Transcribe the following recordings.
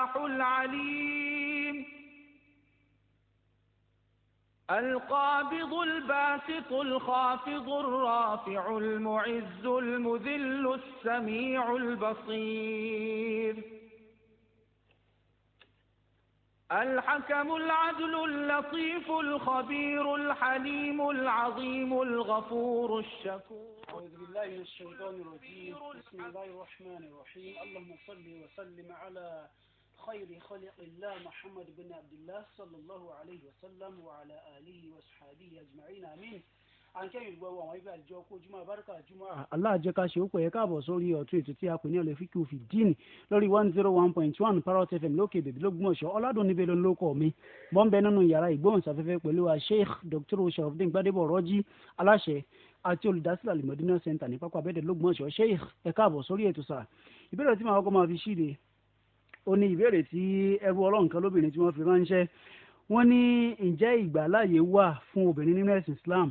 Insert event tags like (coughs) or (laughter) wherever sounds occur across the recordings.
الفلاح العليم القابض الباسط الخافض الرافع المعز المذل السميع البصير الحكم العدل اللطيف الخبير الحليم العظيم الغفور الشكور أعوذ بالله من الشيطان الرجيم بسم الله الرحمن الرحيم اللهم صل وسلم على خير خلق الله محمد بن عبد الله صلى الله عليه وسلم وعلى آله وصحبه أجمعين آمين àǹkẹ́yìn gbọ́ wọn ibà jọ kó jùmọ̀ abárúkà jùmọ̀. aláàjẹ ká ṣe ó pẹ̀ yẹ káàbọ̀ sórí ọ̀tún ètò tí a pè ní ọ̀lẹ́fíkì òfin díìnì lórí one zero one point one parrot fm lókè bèbí lógúnmọ̀ṣọ́ ọ̀làdùn níbẹ̀ ló ń lókọ̀ mi bọ́ńbẹ́ nínú yàrá ìgbóhùnsáfẹ́fẹ́ pẹ̀lú wa sheikh dr sharafdin gbadebo rọ́jí aláṣẹ àti olùdásílẹ̀ alimọ̀dínà center ní pápá abẹ́dẹ̀ lógúnmọ̀ṣọ́ sheikh ẹ káàbọ̀ sórí ètò sáà ìbéèrè tí màá kọ́ ó ní ìbéèrè tí ẹrú ọlọ́run kan lóbìnrin tí wọ́n fi ránṣẹ́ wọ́n ní ǹjẹ́ ìgbàláyè wà fún obìnrin nínú ẹ̀sìn Islam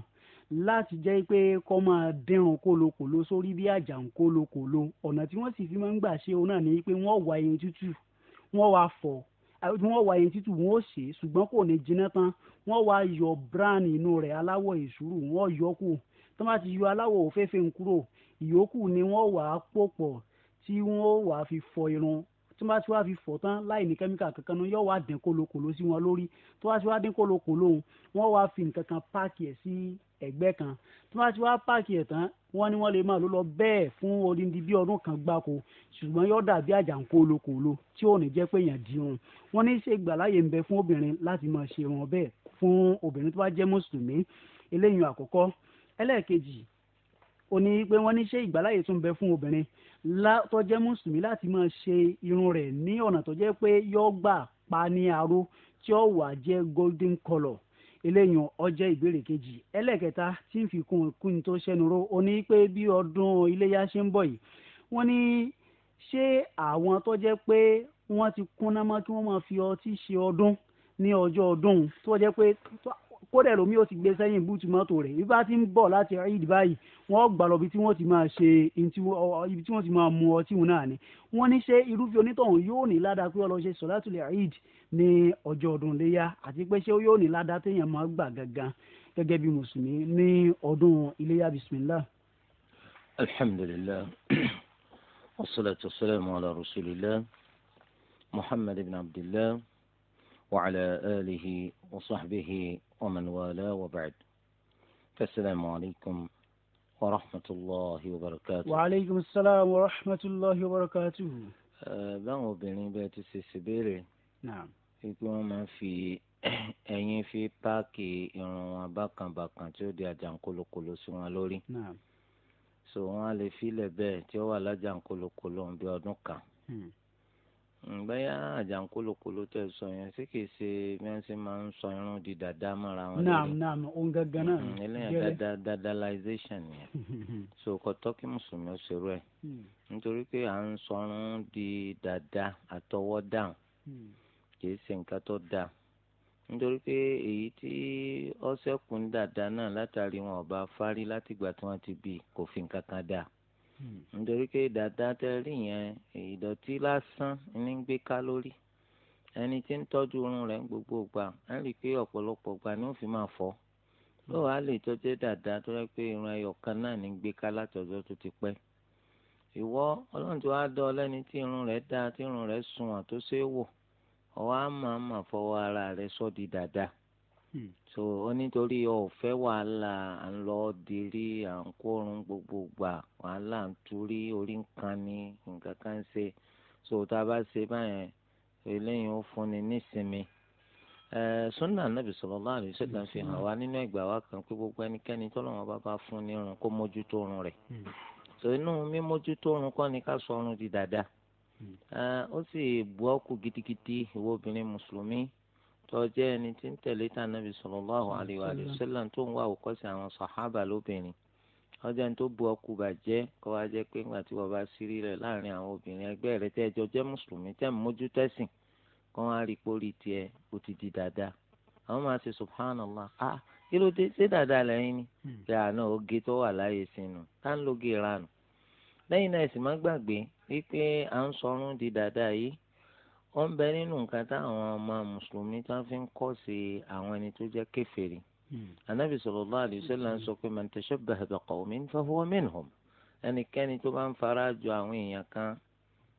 láti jẹ́ pé kó máa dẹrùn kólokòlo sórí bí àjà ń kólokòlo ọ̀nà tí wọ́n sì fi máa ń gbà ṣe òun náà ni pé wọ́n wá ẹyin tútù wọ́n wá fọ̀ wọ́n wá ẹyin tútù wọ́n ó ṣe ṣùgbọ́n kò ní jiná tán wọ́n wá yọ bran inú rẹ̀ aláwọ̀ ìṣúrù wọ́n yọ kù tó bá ti yọ aláwọ̀ òféèfé ń kúrò ìyókù ni wọ́n wà á pòpọ̀ tí wọ́n wà á fi fọ irun tí wọ́n bá ti wá fi fọ̀ tán láì ní kẹ́míkà kankan ní yóò wá dín kólókòló sí wọn lórí tó wá ti wá dín kólókòló òun wọ́n wá fi nǹkan kan páàkì ẹ̀ sí ẹ̀gbẹ́ kan tí wọ́n bá ti wá páàkì ẹ̀ tán wọ́n ní wọ́n lè máa lò lọ bẹ́ẹ̀ fún odindi bí ọdún kan gbáko ṣùgbọ́n yóò dàbí àjàǹkólókòló tí ò ní jẹ́ pé èèyàn di irun wọ́n ní ṣe ìgbàláyè ń bẹ fún obìnrin láti máa ṣe irun bẹ́ẹ̀ fún obìnrin tó bá jẹ́ mùsùlùmí eléyìí àkọ́kọ́ ẹlẹ́ẹ̀kejì ó pé wọ́n ní ṣe ìgbàláyè tún bẹ fún obìnrin tó jẹ́ mùsùlùmí láti máa ṣe irun rẹ̀ ní ọ̀nà tó jẹ́ pé yọ gbà tí ó wà jẹ́ golden color eléyàn ọjẹ́ ìbéèrè kejì ẹlẹ́kẹta tí ń fi kún kún tó ṣẹnuró ó ní pé bí ọdún iléyà ṣe ń bọ̀ yìí wọ́n ní ṣé àwọn tó jẹ́ pé wọ́n ti kúnná mọ́ kí wọ́n máa fi ọtí ṣe ọdún ní ọjọ́ ọdún tó jẹ́ pé kódà lómi ó ti gbé sẹ́yìn búùtù mọ́tò rẹ̀ bí bá ti ń bọ̀ láti eid báyìí wọ́n gbà lọ ibi tí wọ́n ti máa ṣe ibi tí wọ́n ti máa mu ọtí wọn náà ni wọ́n ní ṣé irúfẹ́ onítọ̀hún yóò ní ládàá pé ọlọ́ṣẹ́ sọ̀látù lè eid ní ọjọ́ ọdún léyà àti pé ṣé yóò ní ládàá téèyàn máa gbà gangan gẹ́gẹ́ bí mùsùlùmí ní ọdún iléyà bismillah. alhamdulillah (clears throat) wassalatu wassalamu وعلى آله وصحبه ومن والاه وبعد فالسلام عليكم ورحمة الله وبركاته وعليكم السلام ورحمة الله وبركاته báwọn obìnrin bẹ́ẹ̀ ti ṣe ṣe béèrè wípé wọ́n máa ń fi (coughs) ẹyin fi páàkì irun wọn bákànbàkàn tí ó di àjàǹkolokolo sí wọn lórí so wọ́n á lè filẹ̀ bẹ́ẹ̀ tí ó wà lájàǹkolokolo ń bí ọdún kan. Hmm. Mm, bẹ́ẹ̀ àjànkólokòló tẹ̀ sọ yẹn ṣé kìí ṣe bí wọ́n ṣe máa ń sọ irun di dada mọ́ra wọn. naam naam òun gangan náà. Mm-hmm, eléyàn dada dadalization yẹn (laughs) so kò tọ́ kí mùsùlùmí ó ṣerú ẹ̀ hmm. nítorí pé à ń sọ di dada àtọwọ́dáhùn hmm. kìí ṣe nǹkan tó dáa nítorí pé èyí tí ọ̀sẹ̀kùn dada náà látàrí wọn ọba fárí látìgbà tí wọ́n ti bí kò fi nǹkan kan dáa. Hmm. nítorí pé dàda tẹ́rí yẹn ìdọ̀tí lásán ní gbé kálórì ẹni tí ń tọ́jú irun rẹ̀ ń gbogbo gbà á rí i pé ọ̀pọ̀lọpọ̀ gbà ni ó fi máa fọ́ lóòwá lè tọ́jú dàda tó rẹ́ pé irun ẹyọ kan náà ní gbé ká látọ̀jọ́ tó ti pẹ́ ìwọ ọlọ́run tí wàá dọ́ lẹ́ni tí irun rẹ̀ dáa tí irun rẹ̀ sunwọ̀n tó ṣeé wò ọwọ́ á máa máa fọwọ́ ara rẹ̀ sọ́ di dada. Hmm. so ó nítorí ọ̀fẹ́ wàhálà à ń lọ dirí à ń kórun gbogbo gbà wàhálà ń turí orí ń kan ní nǹkan kan ń ṣe so tá a bá ṣe báyẹn eléyìí ó fúnni nísinmi sunna anabi sallallahu alaihi wasallam fi hàn wá nínú ẹgbàá wa kan pé gbogbo ẹnikẹ́ni tọ́lọ́run bá bá fún ní irun kó mójútó irun rẹ̀ hmm. so inú mímójútó irun kọ́ ni ká sọ irun di dáadáa hmm. ó sì bu ọ́kù gidigidi ìwọ obìnrin mùsùlùmí tọ́jẹ́ ẹni tí ń tẹ̀lé tànàbí sallallahu alaihi wa sallam tó ń wá òkọ́sí àwọn sàhábà lóbìnrin ọjọ́ ní tó bu ọkù bàjẹ́ kọ́ wa jẹ́ pé ńgbà tí wọ́n bá sírí rẹ̀ láàrin àwọn obìnrin ẹgbẹ́ rẹ̀ tẹ́ ẹjọ́ jẹ́ mùsùlùmí tẹ́ mójú tẹ́sìn kọ́ wa rí pórí tiẹ̀ ó ti di dáadáa àwọn máa ṣe subhanallah ah kí ló dé ṣé dáadáa lẹ́yìn ni ṣe hmm. àná ah, oge tó wà láàyè sínú tá ń lóge ranù lẹ́yìn náà ẹ̀sìn má gbàgbé wípé à ń sọrún di dáadáa yìí ó ń bẹ nínú nǹkan táwọn ọmọ mùsùlùmí tó fi ń kọ́ sí àwọn ẹni tó jẹ́ kèfèrí anabi hmm. sallallahu alaihi wasallam sọ pé man tashabbaha bi qawmin fahuwa minhum ẹnikẹ́ni tó bá ń fara jọ àwọn èèyàn kan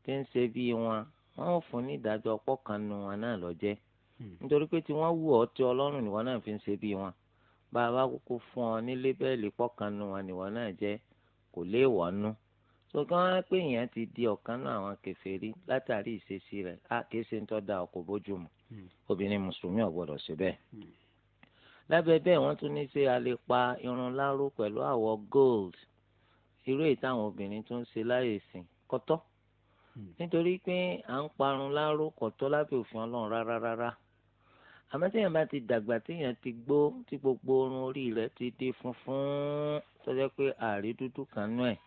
tí ń ṣe bí wọn wọn ò fún ní ìdájọ́ ọ̀pọ̀ kan nu wọn náà lọ́jẹ́ hmm. nítorí pé tí wọ́n wù ọ́ tí ọlọ́run ni wọ́n náà fi ń ṣe bí wọn bá a bá kúkú fún ọ ní lébẹ́ẹ̀lì pọ̀kan nu wọn ni wọ́n náà jẹ́ kò léèwọ̀ nú sọkàn á pé èèyàn ti di ọ̀kan náà àwọn kèfèrí látàrí ìṣesí rẹ̀ á kìí ṣe ń tọ́ da ọkọ̀ bójú mu hmm. obìnrin mùsùlùmí ò gbọ́dọ̀ ṣe bẹ́ẹ̀. Hmm. lábẹ́ bẹ́ẹ̀ wọ́n tún ní ṣe a lè pa irun láró pẹ̀lú àwọ̀ gold irú èyí táwọn obìnrin tún ń ṣe láyè sìn kọ́tọ́ hmm. nítorí pé à ń parun láró kọ́tọ́ lábẹ́ òfin ọlọ́run rárá rárá àmọ́ téèyàn bá ti dàgbà téèyàn ti gbó tí gbogbo orun orí rẹ̀ ti di funfun tó jẹ́ pé àrí dúdú kan nú ẹ̀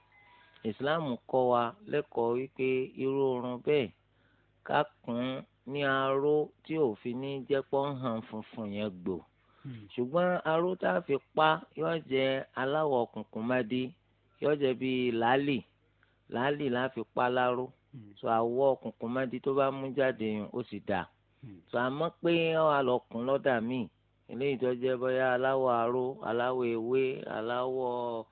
islam kọ́ wa lẹ́kọ̀ọ́ wípé irú oorun bẹ́ẹ̀ ká kùn ní aró tí òfin ní jẹ́pọ́ ń hàn funfun yẹn gbò hmm. ṣùgbọ́n aró tá a fi pa yóò jẹ́ aláwọ̀ kùnkùn má dé yóò bíi làálì làálì la fi pa láró tó hmm. àwọ̀ kùnkùn má dé tó bá mú jáde yùn ó sì dà tó hmm. àmọ́ pé ọ́ àlọ́kùn lọ́dà míì eléyìí tó jẹ́ bóyá aláwọ̀ aró aláwọ̀ ewé aláwọ̀. Alawọ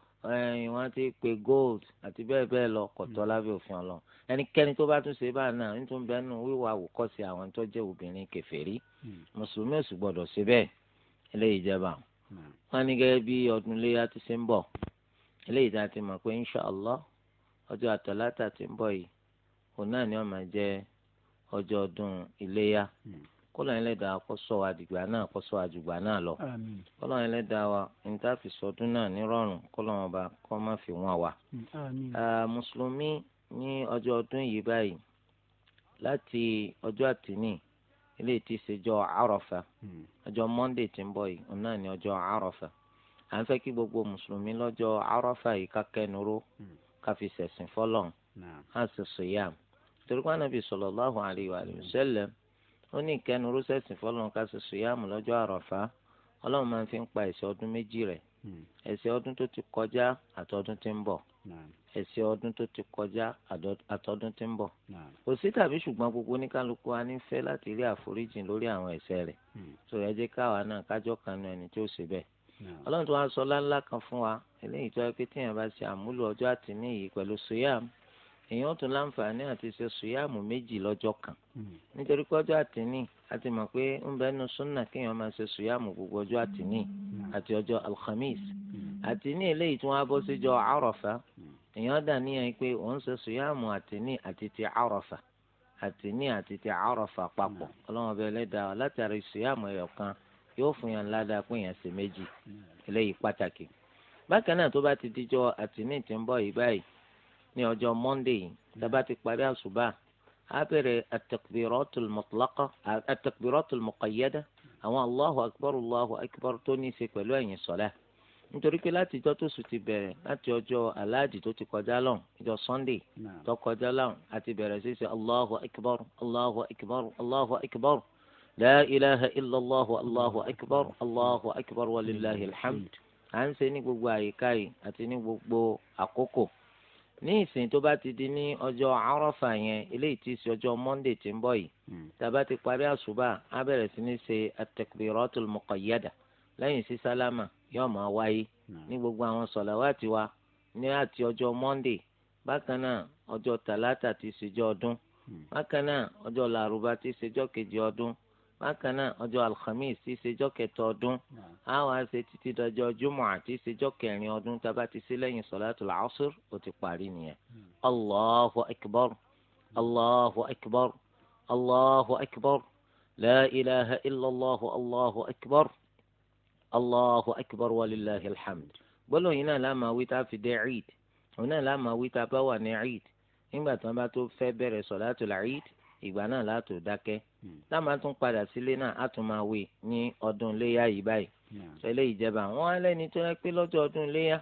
wọ́n ti pe gold àti bẹ́ẹ̀ bẹ́ẹ̀ lọ kọ̀tọ́ hmm. lábẹ́ òfin ọlọ́run ẹnikẹ́ni tó bá tún ṣe báyìí náà ń tún bẹ́ẹ̀ nù wíwà àwòkọ́sí àwọn tó jẹ́ obìnrin kèfèrí hmm. mùsùlùmí ò sì gbọ́dọ̀ ṣe bẹ́ẹ̀ eléyìí jẹba hmm. wọn ní gẹ́gẹ́ bí ọdún léyà ti ṣe ń bọ̀ eléyìí tá a ti mọ̀ pé inṣàlá ọjọ́ àtọ̀látà ti ń bọ̀ yìí òun náà ni ó máa jẹ́ ọjọ́ ọdún iléyà kọ́lọ́ ẹlẹ́dàá kó ṣọ́ naa dìgbà náà naa lọ. kọ́lọ́ ẹlẹ́dàá wa níta-fi sọdún náà nírọ̀rùn kọ́lọ́ wọn bá fi wọn wa. mùsùlùmí ní ọjọ́ ọdún yìí báyìí láti ọjọ́ àtìní ilé tí í ṣèjọ́ hmm. ọjọ́ monday ń bọ̀ yìí òun náà ní ọjọ́ à gbogbo mùsùlùmí lọ́jọ́ yìí ká kẹnuró hmm. ká fi á sì sọ torí pé wa ó ní ìkẹnu rọ́sẹ̀sì fọlọ́n ká ṣe sùyàmù lọ́jọ́ àràfá ọlọ́run máa fi ń pa ẹ̀ṣẹ̀ ọdún méjì rẹ̀ hmm. ẹ̀ṣẹ̀ ọdún tó ti kọjá àtọdún tí ń bọ̀ ẹ̀ṣẹ̀ ọdún tó ti kọjá àtọdún tí ń bọ̀ kò sí tàbí ṣùgbọ́n gbogbo oníkálukú a ní fẹ́ láti rí àforíjìn lórí àwọn ẹ̀ṣẹ̀ rẹ̀ tó hmm. yẹ jẹ́ káwa náà kájọ́ kanu ẹni tó ṣe bẹ́ẹ̀ ọlọ́run tó wá sọ láńlá kan fún wa eléyìí tó yẹ pé téèyàn bá ṣe àmúlò ọjọ́ àtìní pẹ̀lú sùyàmù èèyàn tún láǹfààní àti ṣe sùyàmù méjì lọ́jọ́ kan hmm. nítorí pé ọjọ́ àtìní àti mọ̀ pé ń bẹ́ẹ̀ nu súnà kéèyàn máa ṣe sùyàmù gbogbo ọjọ́ àtìní hmm. àti ọjọ́ alhamis hmm. àtìní eléyìí tí wọ́n á bọ́ síjọ àròfà èèyàn dà níyàn pé òun ṣe sùyàmù àtìní àti ti àròfà àtìní àti ti àròfà papọ̀ ọlọ́wọ́n bẹ́ẹ̀ lẹ́dàá látàrí sùyàmù ẹ̀yọ̀ kan yóò fún yàn ládàá pé yàn ṣe méjì ní ọjọ́ monday yìí dábà ti parí àṣùbà á bẹ̀rẹ̀ at-takbiratul muqayyada àwọn allahu akbar allahu akbar tó ní í ṣe pẹ̀lú ẹ̀yìn sọ̀lá nítorí pé láti ìjọ tó sùn ti bẹ̀rẹ̀ láti ọjọ́ aláàjì tó ti kọjá lọ́hùn ìjọ sunday tó kọjá lọ́hùn àti bẹ̀rẹ̀ sí ṣe allahu akbar allahu akbar allahu akbar la ilaha illallah allahu akbar allahu akbar walillahi à ń ṣe ní gbogbo àyíká yìí àti ní gbogbo àkókò ní ìsìn tó bá ti di ní ọjọ́ àrọ́fà yẹn eléyìí ti ṣe ọjọ́ monday tí ń bọ̀ yìí hmm. tàbá ti parí àṣùbà á bẹ̀rẹ̀ sí ní ṣe at-takbiratul muqayyada lẹ́yìn sí sálámà yóò máa wáyé hmm. ní gbogbo àwọn sọ̀làwátì wa ní àti ọjọ́ monday bákan náà ọjọ́ tàlátà ti ṣèjọ́ ọdún hmm. bákan náà ọjọ́ làrúbá ti ṣèjọ́ kejì ọdún bákan náà ọjọ́ alhamis tí í ṣejọ́ kẹtọ ọdún a wá ṣe títí dọjọ́ jumu'a tí í ṣejọ́ kẹrin ọdún tábà ti ṣe lẹ́yìn awon ase titi dojo jumo ati parí nìyẹn. allahu akbar allahu akbar allahu akbar la ilaha illallah allahu akbar allahu akbar walillahi alhamd. gbọ́dọ̀ yìí náà láàmà wí tá a fi dé eid òun náà láàmà wí tá a bá wà ní eid nígbà tí wọ́n bá tó fẹ́ bẹ̀rẹ̀ sọ̀látù làásùr ìgbà náà látò dákẹ́ hmm. táwọn tún padà sílé náà á tún máa wè ní ọdún iléyà yìí báyìí pẹ̀lẹ́ ìjẹba wọn á lẹ́ni tó rẹ́ pé lọ́jọ́ ọdún iléyà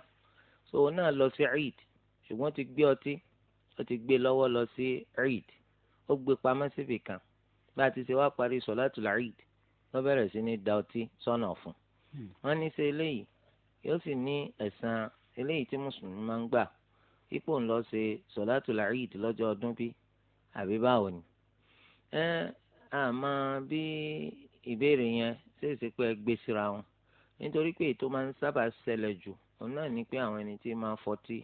so náà lọ sí eid ṣùgbọ́n ti gbé ọtí ó ti gbé lọ́wọ́ lọ sí eid ó gbé pamọ́ síbì kan bá a ti ṣe wá parí sọ̀látù eid wọ́n bẹ̀rẹ̀ sí ní da ọtí sọ́nà fún un hmm. ní ṣe eléyìí yóò sì ní ẹ̀san eléyìí tí mùsùlùmí máa ń gbà ipò ńlọ ṣe sọ̀látù eid lọ́jọ́ ọdún bí àbí báwo ni ẹ àmọ́ bí ìbéèrè yẹn ṣèṣe pé ẹ gbé síra wọn nítorí pé ètò máa ń sábà ṣẹlẹ̀ jù òun náà ni pé àwọn ẹni tí máa fọtí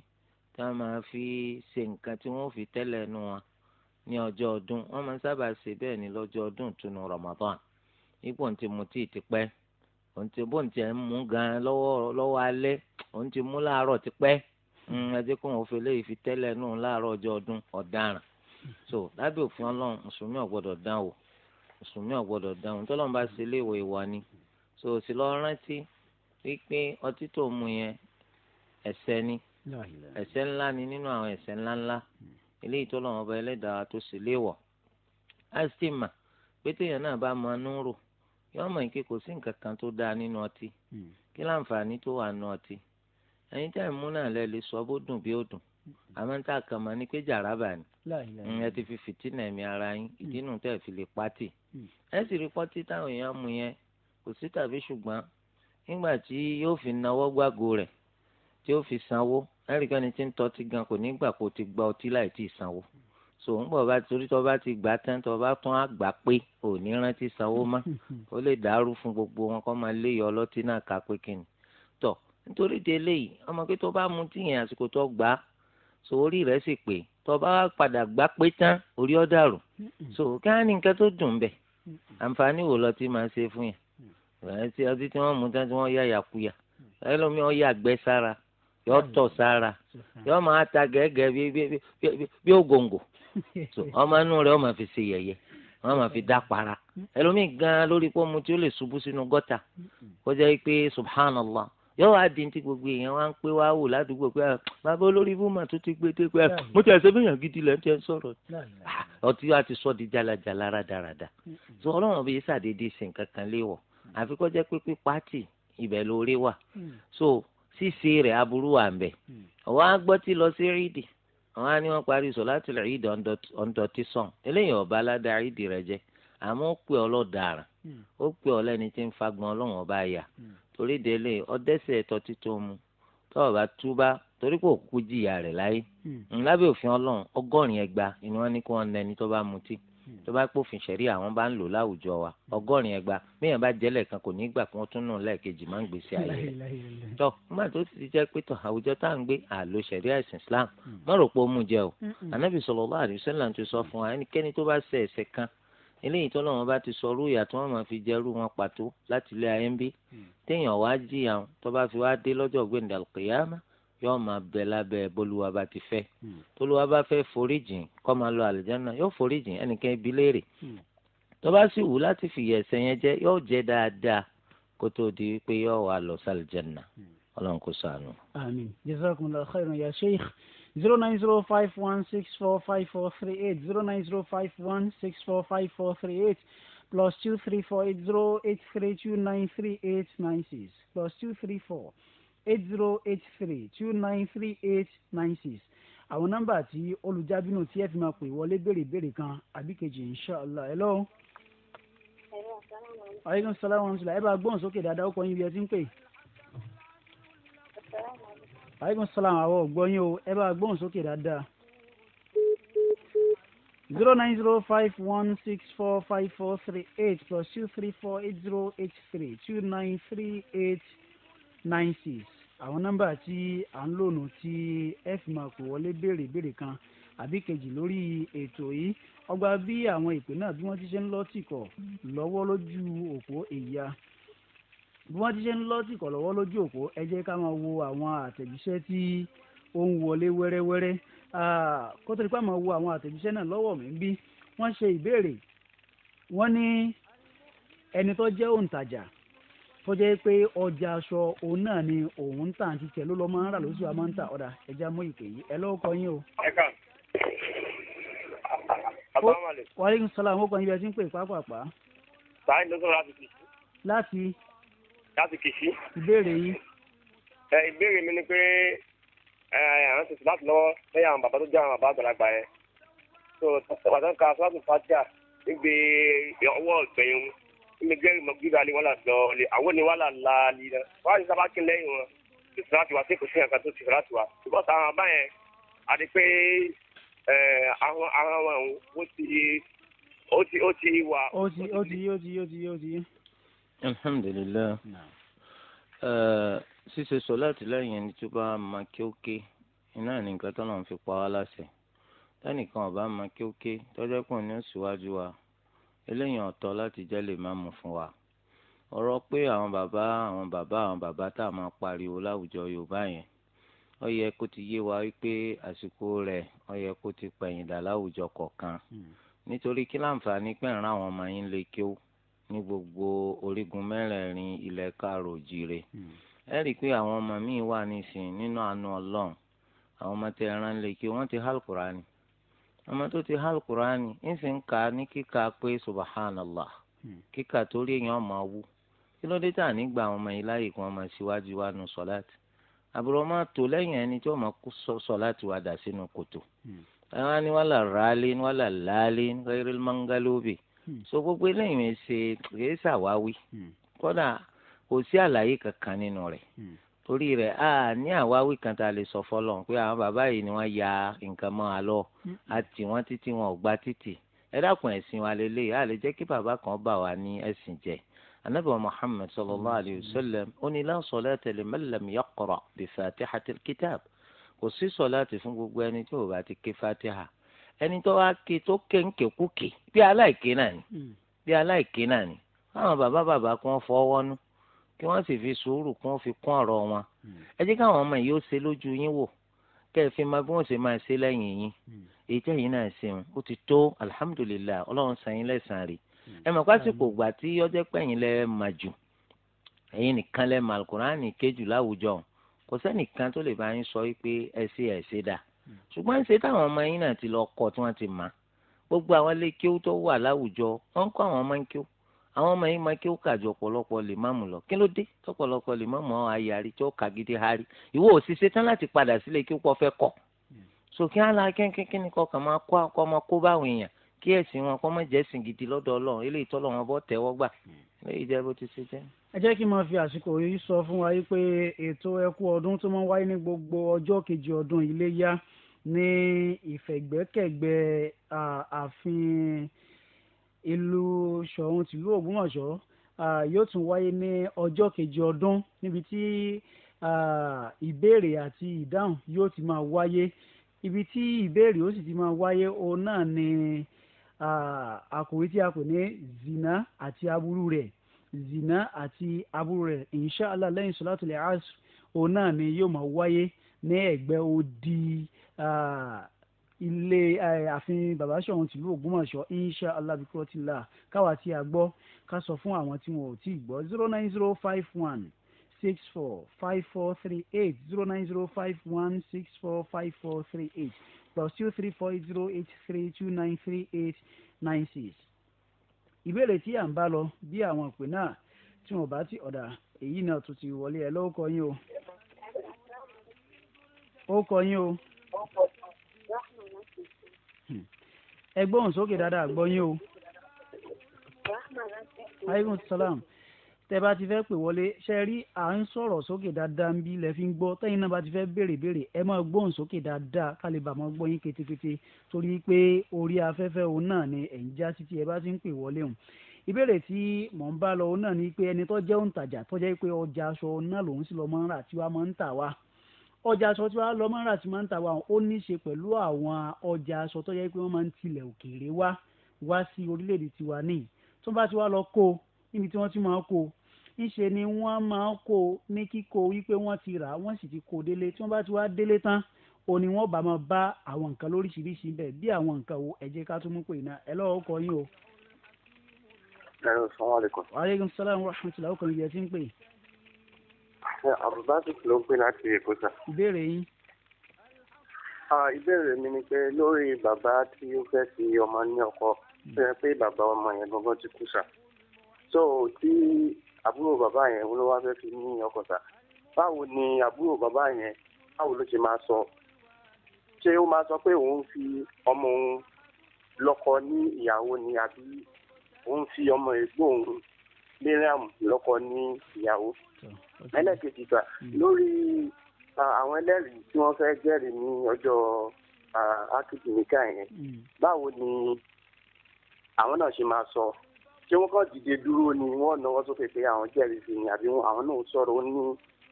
tá a máa fi ṣe nǹkan tí wọ́n fi tẹ́lẹ̀ nu wọn ní ọjọ́ ọdún wọ́n máa ń sábà ṣe bẹ́ẹ̀ ní lọ́jọ́ ọdún ìtúnu Ramadan ipò ntí mu tí ì ti pẹ́ òǹtí bó ntí ẹ̀ ń mú gan-an lọ́wọ́ alẹ́ òǹtí mú láàárọ̀ ti pẹ́ ẹ jẹ́ kó wọn fi fi tẹ́lẹ̀ nù láàárọ̀ ọjọ́ ọdún ọ̀daràn so lábẹ́ òfin ọlọ́run mùsùlùmí ò gbọ́dọ̀ dán o mùsùlùmí ò gbọ́dọ̀ dán o tọ́lọ́run bá ṣe léèwọ̀ ìwà ni so sì lọ rántí wípé ọtí tó mu yẹn ẹ̀ṣẹ̀ ni ẹ̀ṣẹ̀ ńlá ni nínú àwọn ẹ̀ṣẹ̀ ńláńlá eléyìí tọ́lọ́run ọba ẹlẹ́dàá tó ṣe léèwọ̀ á sì mà pé téèyàn náà bá mọ inú rò yọọ mọ̀ ike kò sí nǹkan kan tó dáa nínú ọtí hmm. kí láǹfààní tó wà nínú ọtí ẹ̀yin tẹ́ ẹ̀ náà lẹ́ lè sọ bó dùn bí ó dùn àmọ́ tá a kàn mọ́ ni pé jàràbà ni ẹ ti fi fìtínà ẹ̀mí ara yín hmm. ìdínú tẹ̀ fi lè pátì hmm. ẹ sì rí pọ́tì táwọn èèyàn mú yẹn kò sí tàbí ṣùgbọ́n nígbà tí yóò fi nawọ́ gbàgò rẹ̀ tí yóò fi sanwó ẹ̀ríkà ni tí ń tọ́ ti gan kò ní gbà kó ti gba ọtí láì tí ì sanwó so ń bọ̀ bá torí tó bá ti gbà tán tó bá tún àgbà pé ò ní rántí sanwó mọ́ (laughs) ó lè dàrú fún gbogbo wọn kó máa lé yọ ọlọ́tí náà ká pé kíni tọ̀ nítorí di eléyìí ọmọ pé tó bá mutí yẹn àsìkò tó gbà á so orí rẹ̀ sì pé tó bá padà gbá pé tán orí ọ̀ dàrú so kí á ní nǹkan tó dùn bẹ̀ àǹfààní wo lọ ti máa ṣe fún yẹn rẹ̀ tí ọtí tí wọ́n mú tán tí wọ́n yá yàkuyà ẹlòmíì ọ̀ yà gbẹ́ sára yọ tọ̀ sára yọ máa ta gẹ́gẹ́ bí bí ògòǹgò so (laughs) ọmọ inú rẹ̀ ọmọ fi ṣe yẹ̀yẹ́ wọn máa fi dá para ẹlòmíì gan lórí pé ọmọ tí ó lè ṣubú sínú gọ́tà kó jẹ́ pé subhanallah yóò wá di ti gbogbo èèyàn wá ń pé wá wò ládùúgbò pé ah, bàbá olórí bùmà tó ti gbé dé pé ah, mo ti ẹsẹ fihàn gidi lẹ ń tẹ sọ̀rọ̀ ah, ọtí wa ti sọ di jalajala rádaràda tó Ọlọ́run bíi sàdédé sìn kankan léwọ àfi kọjá pé pé pátì ibẹ̀ lórí wà mm. so ṣíṣe rẹ̀ aburú wà ń bẹ ọwọ mm. agbọtí lọ sí rídì àwọn á ní wọn parí sọ láti rẹ ìdí ọ̀ǹdọ̀tí sàn eléyìí ọba aládà ìdí rẹ jẹ àmọ́ ó pè ọ lọ́daràn mm. ó pè ọ tí ń fagbọn ọlọ́run ọba yà torí délé ọdẹ́sẹ̀ tọ́ títò mu tọ́ọ̀ bá túbá torí kò kú jìyà rẹ̀ láyé hmm. lábẹ́ òfin ọlọ́run ọgọ́rin ẹgbàá ni wọ́n ní kí wọ́n lẹni tó bá mutí hmm. tó bá pófin ṣẹ̀rí àwọn bá ń lò láwùjọ wa hmm. ọgọ́rin ẹgbàá bíyàn bá jẹ́lẹ̀ kan kò ní gbà kí wọ́n tún nù lẹ́ẹ̀kejì máa ń gbèsè ayé rẹ̀ tọ́ nígbà tó ti jẹ́ pé tọ́ àwùjọ tá à ń gbé àlò ṣẹ̀rí àìsàn Islam mọ́rò pé ó mú jẹ o Ànábì sallallahu alaihi wasallam ti sọ fún wa ẹnikẹ́ni tó bá ṣẹ̀ ẹ̀ṣẹ̀ eléyìí tó lọ́wọ́ bá ti sọrú ìyà tí wọ́n máa fi jẹ́rú wọn pàtó láti ilé ayé ń bí hmm. téèyàn wá jìyà tó bá fi wá dé lọ́jọ́ gbẹ̀ndà kìyàmá yóò máa bẹ lábẹ́ bólúwa bá ti fẹ́ hmm. tólúwa bá fẹ́ foríjìn kó máa lọ àlùjáná yóò foríjìn ẹnìkan ibi léèrè hmm. tó bá sì wù láti fìyà ẹ̀ṣẹ̀ yẹn jẹ yóò jẹ dáadáa kó tó di pé yóò wà lọ sàlùjáná ọlọ́run kò ṣàánú. àmín jazakumullahu khairan ya sheikh zero nine zero five one six four five four three eight zero nine zero five one six four five four three eight plus two three four eight zero eight three two nine three eight nine six plus two three four eight zero eight three two nine three eight nine six àwọn nọ́mbà tí olùjábínú tí ẹ fi máa pè wọlé béèrè béèrè kan àbí kejì inshàlá ẹ lọ. aleykum salaam wa rahmatulah ẹ bá gbóhùn sókè dáadáa ó kọ́ yín bí ẹ ti ń pè aleykum salaam àwọn ògbọ́yìn o ẹ bá gbóhùn sókè dáadáa. zero nine zero five one six four five four three eight plus two three four eight zero eight three two nine three eight nine six àwọn nọ́mbà tí à ń lò nù tí ẹ fi wọlé béèrè ìbéèrè kan àbí kejì lórí ètò yìí ọgbà bí àwọn ìpè náà bí wọ́n ti ṣe ń lọ tìkọ̀ lọ́wọ́ lójú òpó èyí ya bí wọ́n ti ṣe ń lọ sí ìkọ̀lọ́wọ́ lójú òpó ẹ jẹ́ ká máa wo àwọn àtẹ̀jíṣẹ́ tí ó ń wọlé wẹ́rẹ́wẹ́rẹ́ kó tó di pé máa wo àwọn àtẹ̀jíṣẹ́ náà lọ́wọ́ mi bí wọ́n ṣe ìbéèrè wọ́n ní ẹni tó jẹ́ òǹtajà tó jẹ́ pé ọjà aṣọ òun náà ni òun ń tà àti tẹ̀ ló lọ́ máa ń rà lóṣù àmọ́ ń tà ọ̀dà ẹja mú ìpè yìí ẹ lọ́wọ́ kọ yín o. wàhálà ìsọlá àwọn ọkọ yín bí ẹ ti ń pè pápápá. sáyẹn láti kìsí. ìbéèrè yìí. ẹ ìbéèrè mi ni pé ẹ àwọn ṣètò láti lọ́wọ́ lẹ́yìn àwọn bàbá tó jẹ́ àwọn bàbá àgbàlagbà yẹn so pàtó ka fúlàtù fàtíà nígbè ọwọ́ ìgbẹ̀yìn nígbè gẹ́rì mọ gbígbà ni wọ́n là lọ lè àwọn ni wọ́n là la lì náà wọ́n á ti sábà kí lẹ́yìn wọn ṣètò láti wá sí kò sí àkàtó ṣètò láti wá ṣùgbọ́n táwọn àbá yẹn àti pé àwọn àwọn wọn ò ti ó ti ó ti wà. ó ti ó ti ó ti ó ti ó ti alhamdulilayi ṣíṣe sọ láti lẹ́yìn ẹni tó bá máa kí ó ké iná ní nǹkan tó lọ́n fi pa wá láṣẹ tẹ́nìkan ọ̀bá máa kí ó ké tọ́jọ́ pọ̀ ní òṣìwájú wa eléyìí ọ̀tọ̀ láti jẹ́ lè má mú fún wa ọ̀rọ̀ pé àwọn bàbá àwọn bàbá àwọn bàbá tá a máa pariwo láwùjọ yorùbá yẹn ó yẹ kó ti yé wa wípé àsìkò rẹ̀ ó yẹ kó ti pẹ̀yìndà láwùjọ kọ̀ọ̀kan hmm. nítorí kí láǹfààní pẹ̀ràn àwọn ọmọ yín lè kí ó ní gbogbo orígun mẹ́rẹ̀ẹ̀rin ilẹ̀ káàró jire hmm. ẹ rí i pé àwọn ọmọ míì wà nísìnyí nínú àánú ọlọ́run àwọn ọmọ tẹ ẹran lè wọ́n ọmọ tó ti hàlùkùránì ni sì ní pé subhanallah hmm. kíkà torí èèyàn máa wú kí ló dé tà nígbà àwọn ọmọ yìí láàyè kí wọ́n máa ṣíwájú nu àbúrò máa tò lẹ́yìn ẹni tí wọ́n máa dà sínú kòtò hmm. Hmm. so gbogbo eléyìí ń ṣe kìí ṣàwáwí hmm. kódà kò sí àlàyé kankan nínú rẹ̀ hmm. torí rẹ̀ a ní àwáwí kan tá a lè sọ fọlọ́n pé àwọn bàbá yìí ni wọ́n ya nǹkan mọ́ a lọ àti wọ́n títí wọn ò gba títì ẹ dákun ẹ̀sìn wa lélẹ́yìí a lè jẹ́ kí bàbá kan bà wá ní ẹ̀sìn jẹ́ النبي محمد صلى الله عليه وسلم أني لا صلاة لمن لم يقرأ بفاتحة الكتاب وصي صلاة فنقواني توباتك fatiha ẹni tó wá ké tó kéńké kúkè bí aláìké náà ni hmm. bí aláìké náà ni àwọn bàbá bàbá kí wọ́n fọwọ́ nú kí wọ́n sì fi sùúrù kí wọ́n fi kún ọ̀rọ̀ wọn hmm. ẹ jẹ́ káwọn ọmọ yìí ó ṣe lójú yín wò kẹ́ ẹ fi máa bí wọ́n ṣe máa ṣe lẹ́yìn yín hmm. èyí tẹ́ yín náà ṣeun ó ti tó alihamudulilayi ọlọ́run san yín lẹ́sàn-án rè ẹ mọ̀ pásìkò gbà tí ọjọ́ pẹ̀yìn lẹ́ máa jù ẹ̀yin nìkan lẹ́ máa alukurani kéjù láwùjọ kò sẹ́nìkan tó lè bá yín sọ wípé ẹ ṣe ẹ ṣe dáa ṣùgbọ́n ṣe táwọn ọmọ yín náà ti lọ kọ́ tí wọ́n ti mà gbogbo àwọn ilé kíó tó wà láwùjọ wọ́n ń kọ́ àwọn ọmọ ń kíó àwọn ọmọ yín máa kíó kàjọ ọ̀pọ̀lọpọ̀ lè má mú lọ kí ló dé tọ́pọ̀lọpọ̀ lè má mú àwọn ayarí tó kà gidi hari ìwọ ò sì ṣetán láti padà sílé kíó kọ́ fẹ́ kọ́ hmm. so kí á la kínkínkín ni kọ́ kàn máa kó àkọ́ máa kó báwọn èèyàn kí ẹ̀sìn wọn kọ́ mọ̀jẹ́ sìn gidi lọ́dọ̀ ọlọ́run eléyìí tọ́lọ́ wọn bọ́ tẹ́wọ́ gbà hmm. eléyìí jẹ́ bó ti ṣe jẹ́. ẹ jẹ́ kí n máa fi àsìkò yìí sọ fún wa pé ètò ẹkú ọdún tó máa ń wáyé ní gbogbo ọjọ́ kejì ọdún iléyá ní ìfẹ̀gbẹ́kẹ̀gbẹ́ ààfin ìlú ṣọ̀ún tìlú ògbómọ̀ṣọ́ yóò tún wáyé ní ọjọ́ kejì ọdún níbi tí ìbéèrè àti ìdáhùn yóò ti máa wáyé ibi tí ìbéèrè ó sì ti máa wáyé òun náà ni àkòrí tí a pè ní zina àti aburú rẹ̀ zina àti aburú rẹ̀ inshàlá lẹ́yìn sọ́látù lè as òun náà ni yóò máa wáyé ní ẹ̀gbẹ́ odi ilé ààfin bàbá sọ̀hún tìlú Ògbómọ̀ṣọ́ inshàlá bíkọ́ ti là káwa tí a gbọ́ ká sọ fún àwọn tí wọn ò tí ì gbọ́ zero nine zero five one six four five four three eight zero nine zero five one six four five four three eight plus two three four zero eight three two nine three eight nine six. ìbéèrè tí à ń bá lọ bí àwọn ìpè náà tí wọn bá ti ọ̀dà èyí náà tún ti wọlé ẹ lọ́wọ́ kọ yín o. ó kọ yín o. Hmm. ẹ gbóhùn sókè dáadáa gbọ́ yín o. aleykum salaam tẹ bá ti fẹ́ pè wọlé ṣe rí à ń sọ̀rọ̀ sókè dáadáa ń bí lẹ fi ń gbọ́ tẹ́yìn náà bá ti fẹ́ béèrè béèrè ẹ máa gbóhùn sókè dáadáa ká lè bà mọ́ gbọ́ yín ketekete torí pé orí afẹ́fẹ́ òun náà ni ẹ̀yìn já sí tí ẹ bá ti ń pè wọlé hùn. ìbéèrè tí mò ń bá lọ òun náà ni pé ẹni tó jẹ́ òǹtajà tó jẹ́ pé ọjà aṣọ náà lòun sì lọ́ọ́ máa ń rà tí wàá máa ń tà wá ọjà aṣọ tí wàá lọ́ọ́ máa ń rà tí máa ń tà wá ó ní í ṣe pẹ̀lú àwọn ọjà aṣọ tó jẹ́ pé wọ́n máa ń tilẹ̀ òkèèrè wá wá sí orílẹ̀-èdè tiwa níyì tó bá ti wá lọ kó níbi tí wọ́n ti máa kó ńṣe ni wọ́n máa kó ní kíkó wípé wọ́n ti rà wọ́n sì ti kó délé tí wọ́n bá ti wá délé tán òní wọ́n bá máa bá àwọn nǹkan lóríṣiríṣi bẹ́ẹ̀ bí àwọn nǹkan wo ẹ jẹ́ ká tún mú pè náà ẹ lọ́wọ́ kọ yín o. aleykum salaam wa rahmatulah ọkàn ìyẹn ti ń pè. àbúrò ló ń pè láti èkó sá. ìbéèrè yín. ìbéèrè mi ni pé lórí bàbá tí ó fẹ́ fi ọmọ ní ọkọ fẹ́ hmm. pé bàbá ọmọ yẹn gbọ́ngàn so tí àbúrò bàbá yẹn ló wá fẹ́ fi ní ọkọ̀ sá báwo ni àbúrò bàbá yẹn báwo ló ṣe máa sọ ṣé ó máa sọ pé òun fi ọmọ òun lọ́kọ ní ìyàwó ni àbí òun fi ọmọ ẹ̀gbọ́n òun Mariam lọ́kọ ní ìyàwó ẹlẹ́kejì gbà lórí àwọn ẹlẹ́rìí tí wọ́n fẹ́ jẹ́rìí ní ọjọ́ akíndìníkà yẹn hmm. báwo ni àwọn náà ṣe máa sọ ṣé wọ́n kàn dìde dúró ni wọ́n náwó sókè pé àwọn jẹ́rìí sí ni àbí àwọn náà sọ̀rọ̀ ó ní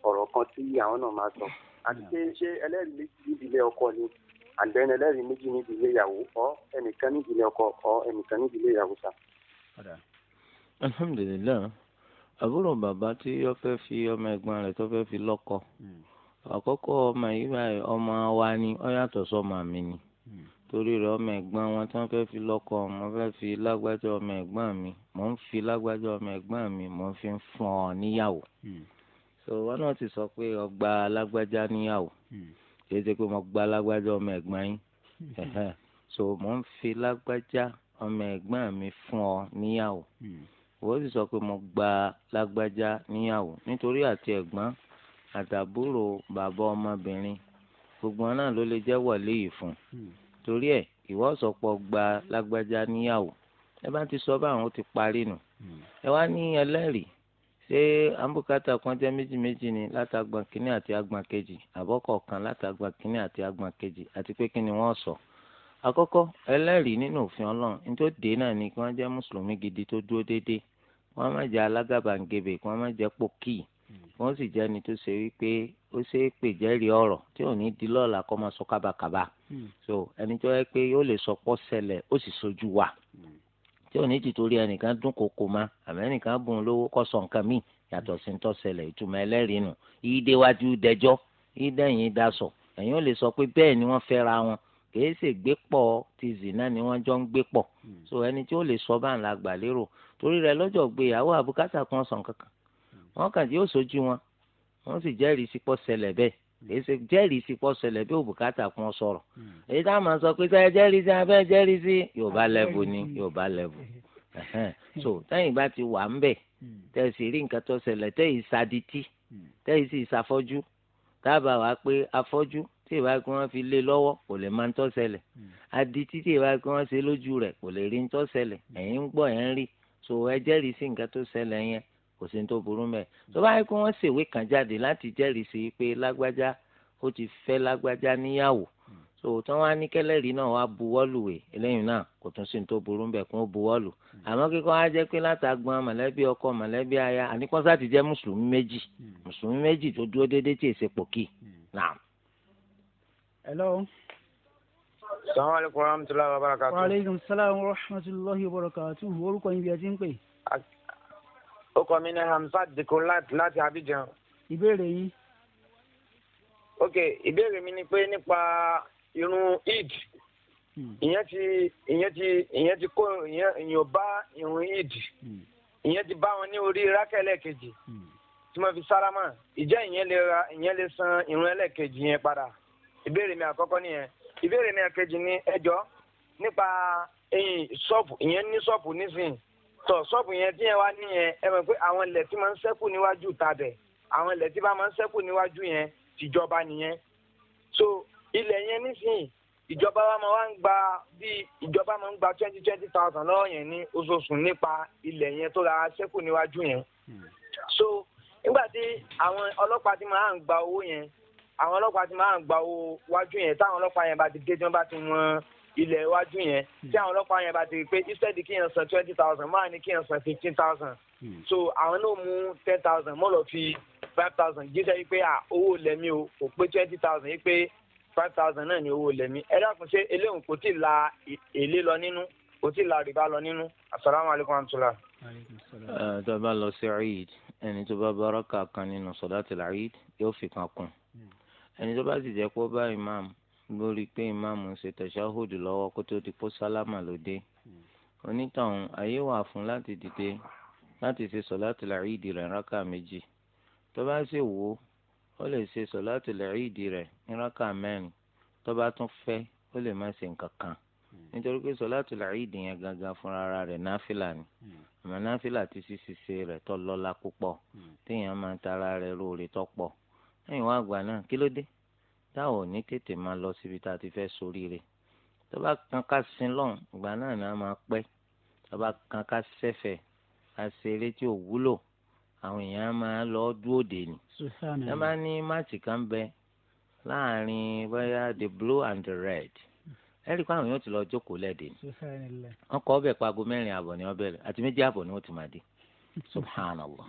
ọ̀rọ̀ kan tí àwọn náà máa sọ àti pé ṣé ẹlẹ́rìí méjì nídìílé ọkọ ni àgbẹ̀ni ẹlẹ́rìí méjì nídìílé ìyàwó ọ ẹnìkan nídìílé ọkọ ọ ẹnìkan nídìílé ìyàwó sá. alhamdulilayi àbúrò bàbá tí yóò fẹ́ fi ọmọ ẹ̀gbọ́n rẹ̀ tó fẹ́ fi lọ́kọ hmm. àkọ́kọ́ ọmọ yìí ọmọ wa ni ó yàtọ̀ sọ́mọ mi ni. Mm torí rẹ ọmọ ẹ̀gbọ́n wọn tí wọ́n fẹ́ẹ́ fi lọ́kọ mo fẹ́ẹ́ fi lágbájá ọmọ ẹ̀gbọ́n mi mò ń fi lágbájá ọmọ ẹ̀gbọ́n mi mò ń fi fún ọ níyàwó hmm. so wọn náà ti sọ pé ọgbà lágbájá níyàwó hmm. kì í ṣe pé mo gba lágbájá ọmọ ẹ̀gbọ́n yín so mò ń fi lágbájá ọmọ ẹ̀gbọ́n mi fún ọ níyàwó wọ́n hmm. sì sọ pé mo gba lágbájá níyàwó nítorí àti ẹ̀gbọ́n àtàbúrò bàbá ọmọbìnrin gbogbo wọn náà ló lè jẹ́ wọ̀lé yìí fún un torí ẹ̀ ìwọ sọpọ gba lágbájá níyàwó ẹ bá ti sọ báwọn ó ti parí nù hmm. ẹ wá ní ẹlẹ́rìí ṣé àǹbùkátà kan jẹ́ méjì méjì ni látàgbọn kínní àti àgbọn kejì àbọ̀kọ̀ọ̀kan látàgbọn kínní àti àgbọn kejì àti pé kí ni wọ́n sọ àkọ́kọ́ ẹlẹ́rìí nínú òfin ọlọ́run ní tó dé náà ni kí wọ́n jẹ́ mùsùlùmí gidi tó dúró déédéé kí wọ́n má jẹ́ alágàbàǹgebè kí wọ́n má jẹ́ pòkì wọ́n sì jẹ́ ẹni tó ṣe wípé ó ṣe é pè jẹ́rìí ọ̀rọ̀ tí ò ní di lọ́la kó máa sọ kábàkàbà hmm. so ẹni tó yẹ pé yóò lè sọ pọ́ ṣẹlẹ̀ ó sì sojú wa hmm. tí ò ní ti torí ẹnìkan dún kòkò ma àmì ẹnìkan bùn lówó kó sọ nǹkan míì yàtọ̀ sí tó ṣẹlẹ̀ ìtumọ̀ ẹlẹ́rìí nù yìí dẹjọ́ yìí dẹ̀yìn daṣọ ẹ̀yin lè sọ pé bẹ́ẹ̀ ni wọ́n fẹ́ra wọn kìí ṣe gbé pọ̀ ti zina ni wọ́n jọ ń gbé pọ̀ hmm. so ẹni tí ó lè sọ báà gbà lérò torí rẹ̀ lọ́jọ́ gbéyàwó àbúkátà kan sàn kankan wọn kàn yóò sojú wọn wọn sì jẹ́rìí sí pọ́ ṣẹlẹ̀ lèsè jẹ́rìí sí pọ́ bí òbúkátà kan sọ̀rọ̀ hmm. èyí tá a máa sọ pé sẹ́yìn jẹ́rìí sí abẹ́ jẹ́rìí sí yorùbá lẹ́bù ni hmm. yorùbá lẹ́bù (laughs) so tẹ́yìn bá ti wà ń bẹ̀ hmm. tẹ́ rí nǹkan tó ṣẹlẹ̀ tẹ́yìn sadití tẹ́yìn sì ṣàfọ́jú dábàá wá pé afọ́jú tí ìbá kí wọ́n fi lé lọ́wọ́ kò lè máa ń tó adití tí ìbá kí wọ́n ṣe lójú rẹ̀ kò lè rí ń tó ṣẹlẹ̀ ń gbọ́ ẹ̀ ń rí so ẹ jẹ́rìí sí nǹkan tó ṣẹlẹ̀ yẹn kò sí ní tó burú mẹ tó bá yẹ kó wọn ṣèwé kan jáde láti jẹ́rìí sí pé lágbájá ó ti fẹ́ lágbájá níyàwó so tí wọn á ní kẹlẹrìí náà wàá buwọ́lù wè eléyìí náà kò tún sí ní tó burú bẹ kó buwọ́lù àmọ́ kíkọ á jẹ́ pé látàgbọn mọ̀lẹ́bí ọkọ mọ̀lẹ́bí aya àníkọsá ti jẹ́ mùsùlùmí méjì mùsùlùmí méjì tó dúró déédéé tí èsè pò kì náà. hello. sàmúlò alaykum wa rahmatulahi wa barakatu. wa aleykum salaam wa rahmatulahi wa barakatu orúkọ yín bí a ti ń pè. okọ mi ni hamsat dikolat láti abidjan. ìbéèrè yìí. ok ìbéèrè mi ni pé irun id, hmm. ìyẹn ti ìyẹn ti ìyẹn irun id, hmm. ìyẹn ti bá wọn ní orí rákẹ́lẹ̀ hmm. tí mo fi sálámà ìjẹ́ ìyẹn lè ra ìyẹn lè san irun ẹlẹ́kejì yẹn padà ìbéèrè mi àkọ́kọ́ nìyẹn ìbéèrè mi ni ẹjọ́ nípa ṣọ́ọ̀bù ìyẹn tọ ṣọ́ọ̀bù yẹn tí yẹn wá níyẹn ẹ mọ̀ pé àwọn ilẹ̀ tí máa ń ṣẹ́kù níwájú tabẹ̀ àwọn ilẹ̀ tí bá máa ń ṣẹ́kù níwájú yẹn tìjọba nìyẹn so ilẹ̀ yẹn nísìnyí ìjọba wa máa ń gba bíi ìjọba máa ń gba twenty twenty thousand lọ́wọ́ yẹn ní oṣooṣù nípa ilẹ̀ yẹn tó ra ṣẹ́kù níwájú yẹn hmm. so nígbà tí àwọn ọlọ́pàá ti máa ń gba owó yẹn àwọn ọlọ́pàá ti máa ń gba owó wájú yẹn táwọn ọlọ́pàá yẹn bá ti dé tí wọ́n bá ti wọ́n ilẹ̀ iwájú yẹn hmm. tí àwọn ọlọ́pàá yẹn bá ti rí i pé instead kí yẹn san twenty thousand máa ní kí yẹn san fifteen thousand hmm. so àwọn náà mú ten thousand mọ́ lọ fi five thousand jíṣẹ́ yìí pé owó lẹ́mí o kò pé twenty thousand yìí pé five thousand náà ni owó lẹ́mí ẹ dákun ṣe eléhùn kò tí ì la èlé lọ nínú kò tí ì la rìbá lọ nínú asalaamualeykum amtula. tó bá lọ sí eid ẹni tó bá bára kà kan nínú sọ̀dá tìlá eid yóò fi kan kún hmm. ẹni tó bá sì jẹ́ pọ́ bá imam lórí pé ìmáàmù ṣe tẹ̀síáhùdù lọ́wọ́ kó tó di kó sálámà lóde onítọ̀hún ayé wà fún láti dìde láti ṣe sọ̀láàtì làrídì rẹ̀ rákà méjì tó bá sì wò ó ó lè ṣe sọ̀láàtì làrídì rẹ̀ ní rákà mẹ́rin tó bá tún fẹ́ ó lè má ṣe nǹkan kan nítorí pé sọ̀láàtì làrídì yẹn gangan fúnra rẹ̀ náfìlà ni àmọ́ náfìlà ti ṣíṣe rẹ̀ tó lọ́lá púpọ̀ hmm. téèyàn máa tara rẹ̀ lóore tó pọ̀ lẹ́yìn wá àgbà náà kí ló dé táwọn ò ní tètè máa lọ síbi tá a ti fẹ́ soríire tó bá kan ká sin lọ́hùn ìgbà náà ni a máa pẹ́ tó bá kan sẹ́fẹ̀ a ṣe eré tí ò wúlò àwọn èèyàn máa lọ dúró dè ní. ẹ máa ní máàtì kan bẹ láàrin bóyá the blue and the red ẹ rí i pé àwọn yóò ti lọ jókòó lẹ́ẹ̀dẹ̀ ni wọ́n kọ́ ọbẹ̀ pago mẹ́rin àbọ̀ ni wọ́n bẹ̀rẹ̀ àti méjì àbọ̀ ni wọ́n ti máa dé (laughs) subhanallah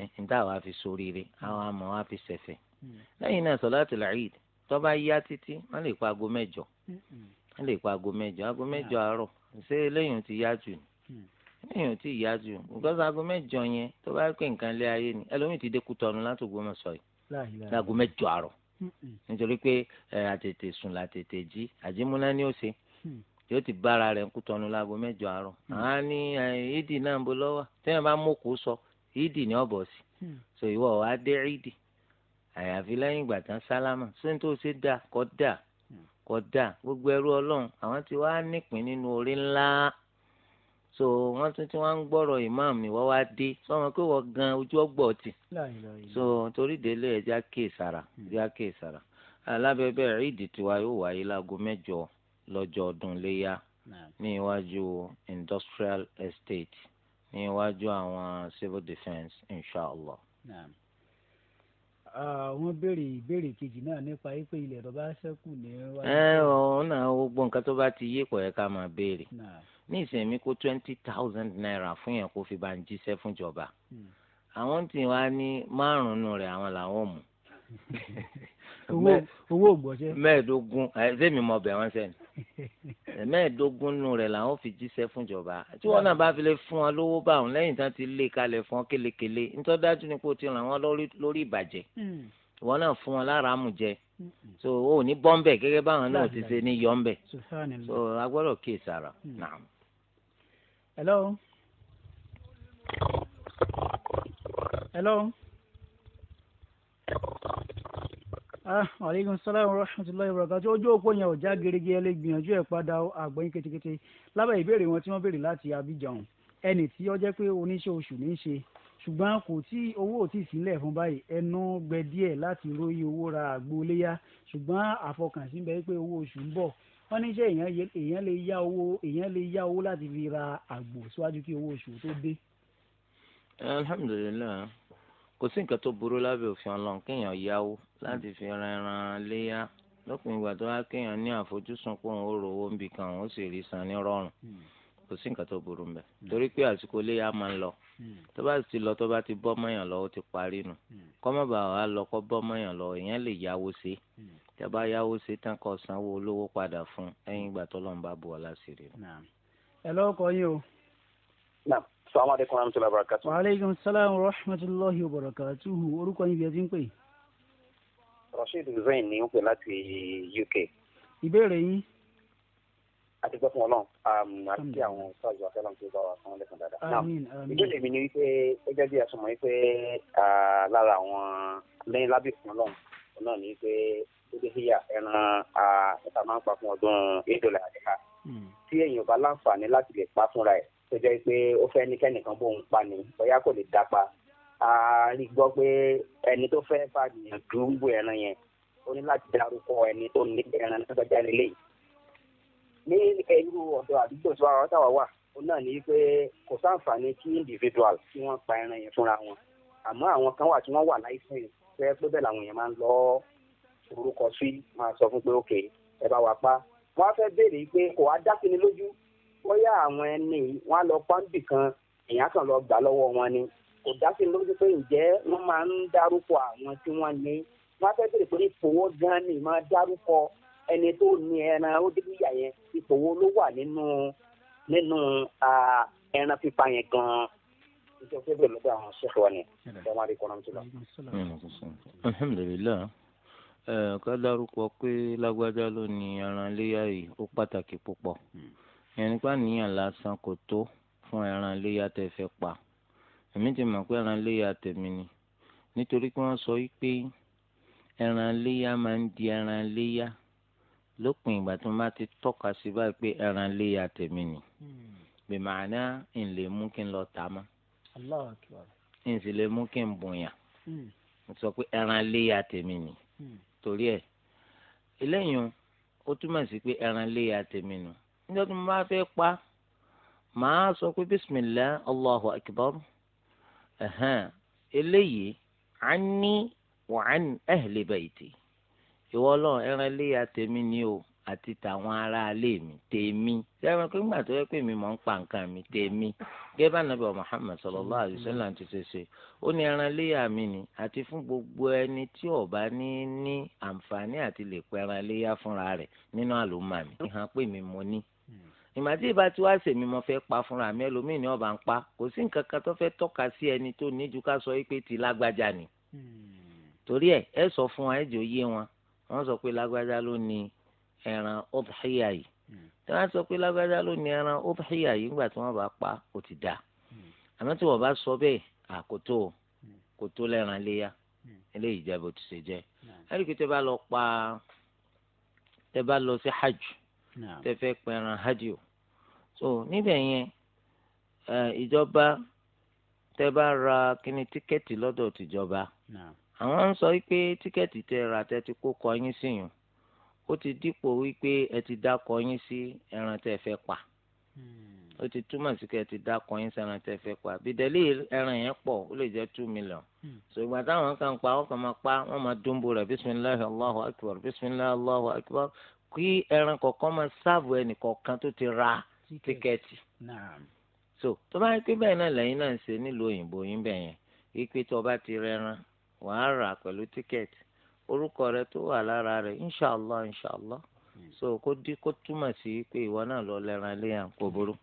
ẹ̀ ń dá àwa fi soríire àwa àmọ́ wa fi sẹ̀fẹ̀ hmm. lẹ́yìn náà sọ̀láàtì làáyídì tọ́ba yá títí wọ́n lè pa aago mẹ́jọ mm-hmm. wọ́n lè pa aago mẹ́jọ aago mẹ́jọ àárọ̀ ṣé eléyìí ti yá jù ni mm. eléyìí ti yá jù because aago mẹ́jọ yẹn tó bá nǹkan lé ayé ni ẹlòmíì ti dé Kútọ́nù láti Ògbómọ̀ṣọ́ yìí aago mẹ́jọ àárọ̀ mm-hmm. nítorí pé àtètè sùn làtètè jí àjímúná ni ó ṣe mm. yóò ti bára rẹ̀ ń Kútọ́nù láago mẹ́jọ àárọ̀ àá mm. ní ìdì náà ń bo lọ́wọ́ tẹ́yìn bá mú kó sọ ìdì ni ọ̀bọ̀ sí so ìwọ wàá dé ìdì àyàfi lẹ́yìn ìgbà tán sálámà sóyún tó ṣe dà kọ́ dà kọ́ dà gbogbo ẹrú ọlọ́run àwọn tí wàá nípìn nínú orí ńlá so wọ́n tún tí wọ́n ń gbọ́rọ̀ ìmáàmù ìwọ́ wá dé sọ́wọ́n pé wọ́n gan ojú ọgbọ́ ti so torí délé ẹja kéèsára hmm. ẹja kéèsára alábẹ́bẹ́ ríìdì tiwa yóò wáyé láago mẹ́jọ lọ́jọ́ ọdún léyà ní iwájú industrial estate ní iwájú àwọn civil defence inshallah. Nah wọ́n béèrè ìbéèrè kejì náà nípa pé ilẹ̀ tó bá ṣẹ́kù ní. ẹ ọ̀hún náà gbogbo nǹkan tó bá ti yé kọ̀ ẹ́ ká máa béèrè ní ìsẹ̀mí kó twenty thousand naira fún yẹn kó fi bá ń jíṣẹ́ fúnjọba hmm. àwọn tí wàá ní márùn-ún rẹ̀ àwọn làwọn mú (laughs) owó ògbọ́sẹ́. mẹ́ẹ̀ẹ́dógún ẹ̀ẹ́dẹ́mi mọ bẹ̀ wọ́n sẹ́ni (laughs) mẹ́ẹ̀ẹ́dógún nù rẹ̀ làwọn fi jíṣẹ́ fún ìjọba tí wọ́n náà bá fi lè fún wọn lówó bá wọn lẹ́yìn tán ti lé e kalẹ̀ fún wọn kélekèle nítorí dájú ni kò ti ràn wọ́n lórí ìbàjẹ́ hmm. wọn náà fún wọn lára mú jẹ hmm. so o ní bọ́ńbẹ̀ gẹ́gẹ́ báwọn náà ti ṣe ní yọ́ńbẹ̀ so a gbọ́dọ̀ Sara sára. Hmm. hello. hello. Ah, aleykum salaam rahmatulahi wabarakatuh ojú òpó yẹn ò já gerege ẹ lè gbìyànjú ẹ padà àgbọ̀yìn ketekete lábẹ́ ìbéèrè wọn tí wọ́n béèrè láti Abidjan ẹnì tí ó jẹ́ pé oníṣẹ́ oṣù ní í ṣe ṣùgbọ́n kò tí owó ò tí ì sílẹ̀ fún báyìí ẹnu gbẹ díẹ̀ láti róyè owó ra àgbo léyà ṣùgbọ́n àfọkànsí bẹ́ẹ̀ pé owó oṣù ń bọ̀ wọ́n ní iṣẹ́ èèyàn lè yá owó èèyàn lè yá owó láti fi ra àgbo síwájú kí owó oṣù tó dé. alhamdulilayi kò sí nǹkan tó burú lábẹ́ òfin ọlọ́run kéèyàn yáwó láti fi ran ẹran léyà lópin ìgbà tó wá kéèyàn ní àfojúsùn pé òun ó rówó ń bì kan òun ó sì rí san ní rọrùn kò sí nǹkan tó burú mbẹ torí pé àsìkò léyà máa ń lọ tó bá ti lọ tó bá ti bọ́ mọ́yàn lọ ó ti parí nu kọ́mọ́bà wa lọ kọ́ bọ́ mọ́yàn lọ èèyàn lè yáwó sí tí a bá yáwó sí tán kó sanwó olówó padà fún ẹ̀yìn ìgbà tó lọ́n bu ọ̀la sí rí. ẹ lọ́wọ́ kọ yín o. salaamaleykum wa rahmatulahi wa barakatuhu. wa aleykum salaam wa rahmatulahi wa barakatuhu orúkọ yín bí ẹ ti ń pè é rasheed hussein ní ń pè láti uk. ìbéèrè yín. a ti gbọ́ fún ọlọ́run àti um, kí àwọn sáàjù akẹ́lọ́n tó bá wà fún ọlẹ́kùn dáadáa. ìbéèrè mi ni wípé gẹ́gẹ́ bí a sọ mọ́ wípé lára àwọn lẹ́yìn lábẹ́ fún ọlọ́run náà ni wípé gbẹdẹhìyà ẹran ẹta máa ń pa fún ọdún ìdòlà àdìhà hmm. tí èèyàn bá láǹfààní láti lè pa fúnra ẹ̀ tó jẹ́ pé ó fẹ́ ní kẹ́nìkan bóun pa ni bóyá kò lè dápa a rí gbọ́ pé ẹni tó fẹ́ fàdìyàn dùn bò ẹran yẹn ó ní láti darúkọ ẹni tó ní ẹran náà gbẹjà nílé yìí ní irú ọ̀dọ̀ àdúgbò tí wàá táwa wà ó náà ní pé kò sáǹfààní kí individual kí wọ́n pa ẹran yẹn fúnra wọn àmọ́ àwọn kan wà tí wọ́n wà láìsẹ̀nsì fẹ́ pé bẹ́ẹ̀ làwọn èèyàn máa ń lọ orúkọ sí máa sọ fún pé ok ẹ bá wa pa wọ́n á fẹ́ béèrè pé kò wá dákìní lójú bóyá àwọn ẹni wọ́n á lọ pọ́ńbì kan èèyàn kan lọ gbà lọ́wọ́ wọn ni kò dá sí lójú pé ǹjẹ́ wọ́n máa ń dárúkọ àwọn tí wọ́n ní wọ́n á fẹ́ bèrè pé ìfowó gan ni máa dárúkọ ẹni tó ní ẹran ó dé níyà yẹn ìfowó ló wà nínú nínú ẹran pípa yẹn gan-an ìjọ fẹ́ bẹ̀rẹ̀ lọ́dọ̀ àwọn ṣẹ́fẹ̀ wa ni ìjọba rí kọ́nà tó lọ. alhamdulilayi ká dárúkọ pé lágbájá ló ní ẹran léyà yìí ó pàtàkì púpọ̀ hmm. yẹn nípa níyàn lásán kò tó fún ẹran léyà tẹ́ fẹ́ pa èmi ti mọ̀ pé ẹran léyà tèmi ni nítorí pé wọ́n sọ wípé ẹran léyà máa ń di ẹran léyà lópin ìgbà tó máa ti tọ́ka sí báyìí pé ẹran léyà tèmi ni hmm. bìmọ̀ọ́nà ń lè mú kí n lọ tà á mọ́ ń sì lè mú kí n bùnyàn ń hmm. sọ pé ẹran léyà tèmi ni hmm. torí ẹ̀ eléyìí ó túmọ̀ sí pé ẹran léyà tèmi nù níjọ́ tí mo bá fẹ́ pa màá sọ pé bismillah allahu akbar. Hmm ẹ̀hẹ́n eléyìí à ń ní wà á ní ahli bayti ìwọ ọlọ́run ẹran lé àtẹ̀mí ni o àti tàwọn ará alé mi tèmi sẹ́wọ́n pé nígbà tó yẹ pé mi mọ̀ ń pa nǹkan mi tèmi gẹ́gẹ́ bá nàbẹ̀ Muhammad sallallahu alaihi wasallam ti ṣe ṣe ó ní ẹran léyà mi ni àti fún gbogbo ẹni tí ó ní ní àǹfààní àti lè pẹ́ ẹran léyà fúnra rẹ̀ nínú àlùmọ́ mi. ìhàn pé mi mo ní hmm. ìgbà tí ìbá tí wàá sèmi mo fẹ́ pa fúnra mi ẹlòmíì ni ọba ń pa kò sí nǹkan kan tó fẹ́ tọ́ka sí ẹni tó ní ju ká sọ pé ti lágbájá ni torí ẹ ẹ sọ fún wa ẹ jọ yé wọn wọn sọ pé lágbájá ló ni ẹran ọdúnhìyà yìí tí wọn sọ pé lágbájá ló ni ẹran ọdúnhìyà yìí nígbà tí wọn bá pa ó ti da àmọ́ tí wọn bá sọ bẹ́ẹ̀ àkótó kótó lẹ́ran léyà eléyìí jẹ́ bó ti ṣe jẹ́ ẹni kí tẹ bá lọ pa tẹ bá lọ sí hajj tẹ fẹ́ pẹran hajj o. so níbẹ̀ yẹn ìjọba tẹ́ bá ra kíni tíkẹ́ẹ̀tì lọ́dọ̀ tìjọba àwọn ń sọ wípé tíkẹ́ẹ̀tì tẹ ra tẹ́ ti kó kọyín sí yùn ó ti dípò wípé ẹ ti dá kọyín sí ẹran tẹ́ fẹ́ pa hmm. ó ti túmọ̀ sí kẹ́ ẹ ti dá kọyín sí ẹran tẹ́ fẹ́ pa bìdẹ́lì ẹran yẹn pọ̀ ó lè jẹ́ two million hmm. so ìgbà táwọn kan pa wọ́n kàn máa pa wọ́n máa dúnbò rẹ̀ bisimilahi allahu akbar bisimilahi allahu akbar kí ẹran kọ̀ọ̀kan máa sáàbù ẹnì kọ̀ọ̀kan tó ti ra. tíkẹ́ẹ̀tì so tó bá yẹ pé bẹ́ẹ̀ náà lẹ́yìn náà ń ṣe nílùú òyìnbó yín bẹ̀ yẹn wípé tó bá ti rẹran wàá rà pẹ̀lú tíkẹ́ẹ̀tì orúkọ rẹ tó wà lára rẹ inṣàlá inṣàlá hmm. so kó dí kó túmọ̀ sí pé ìwọ náà lọ lẹ́ran ilé yàn kó burú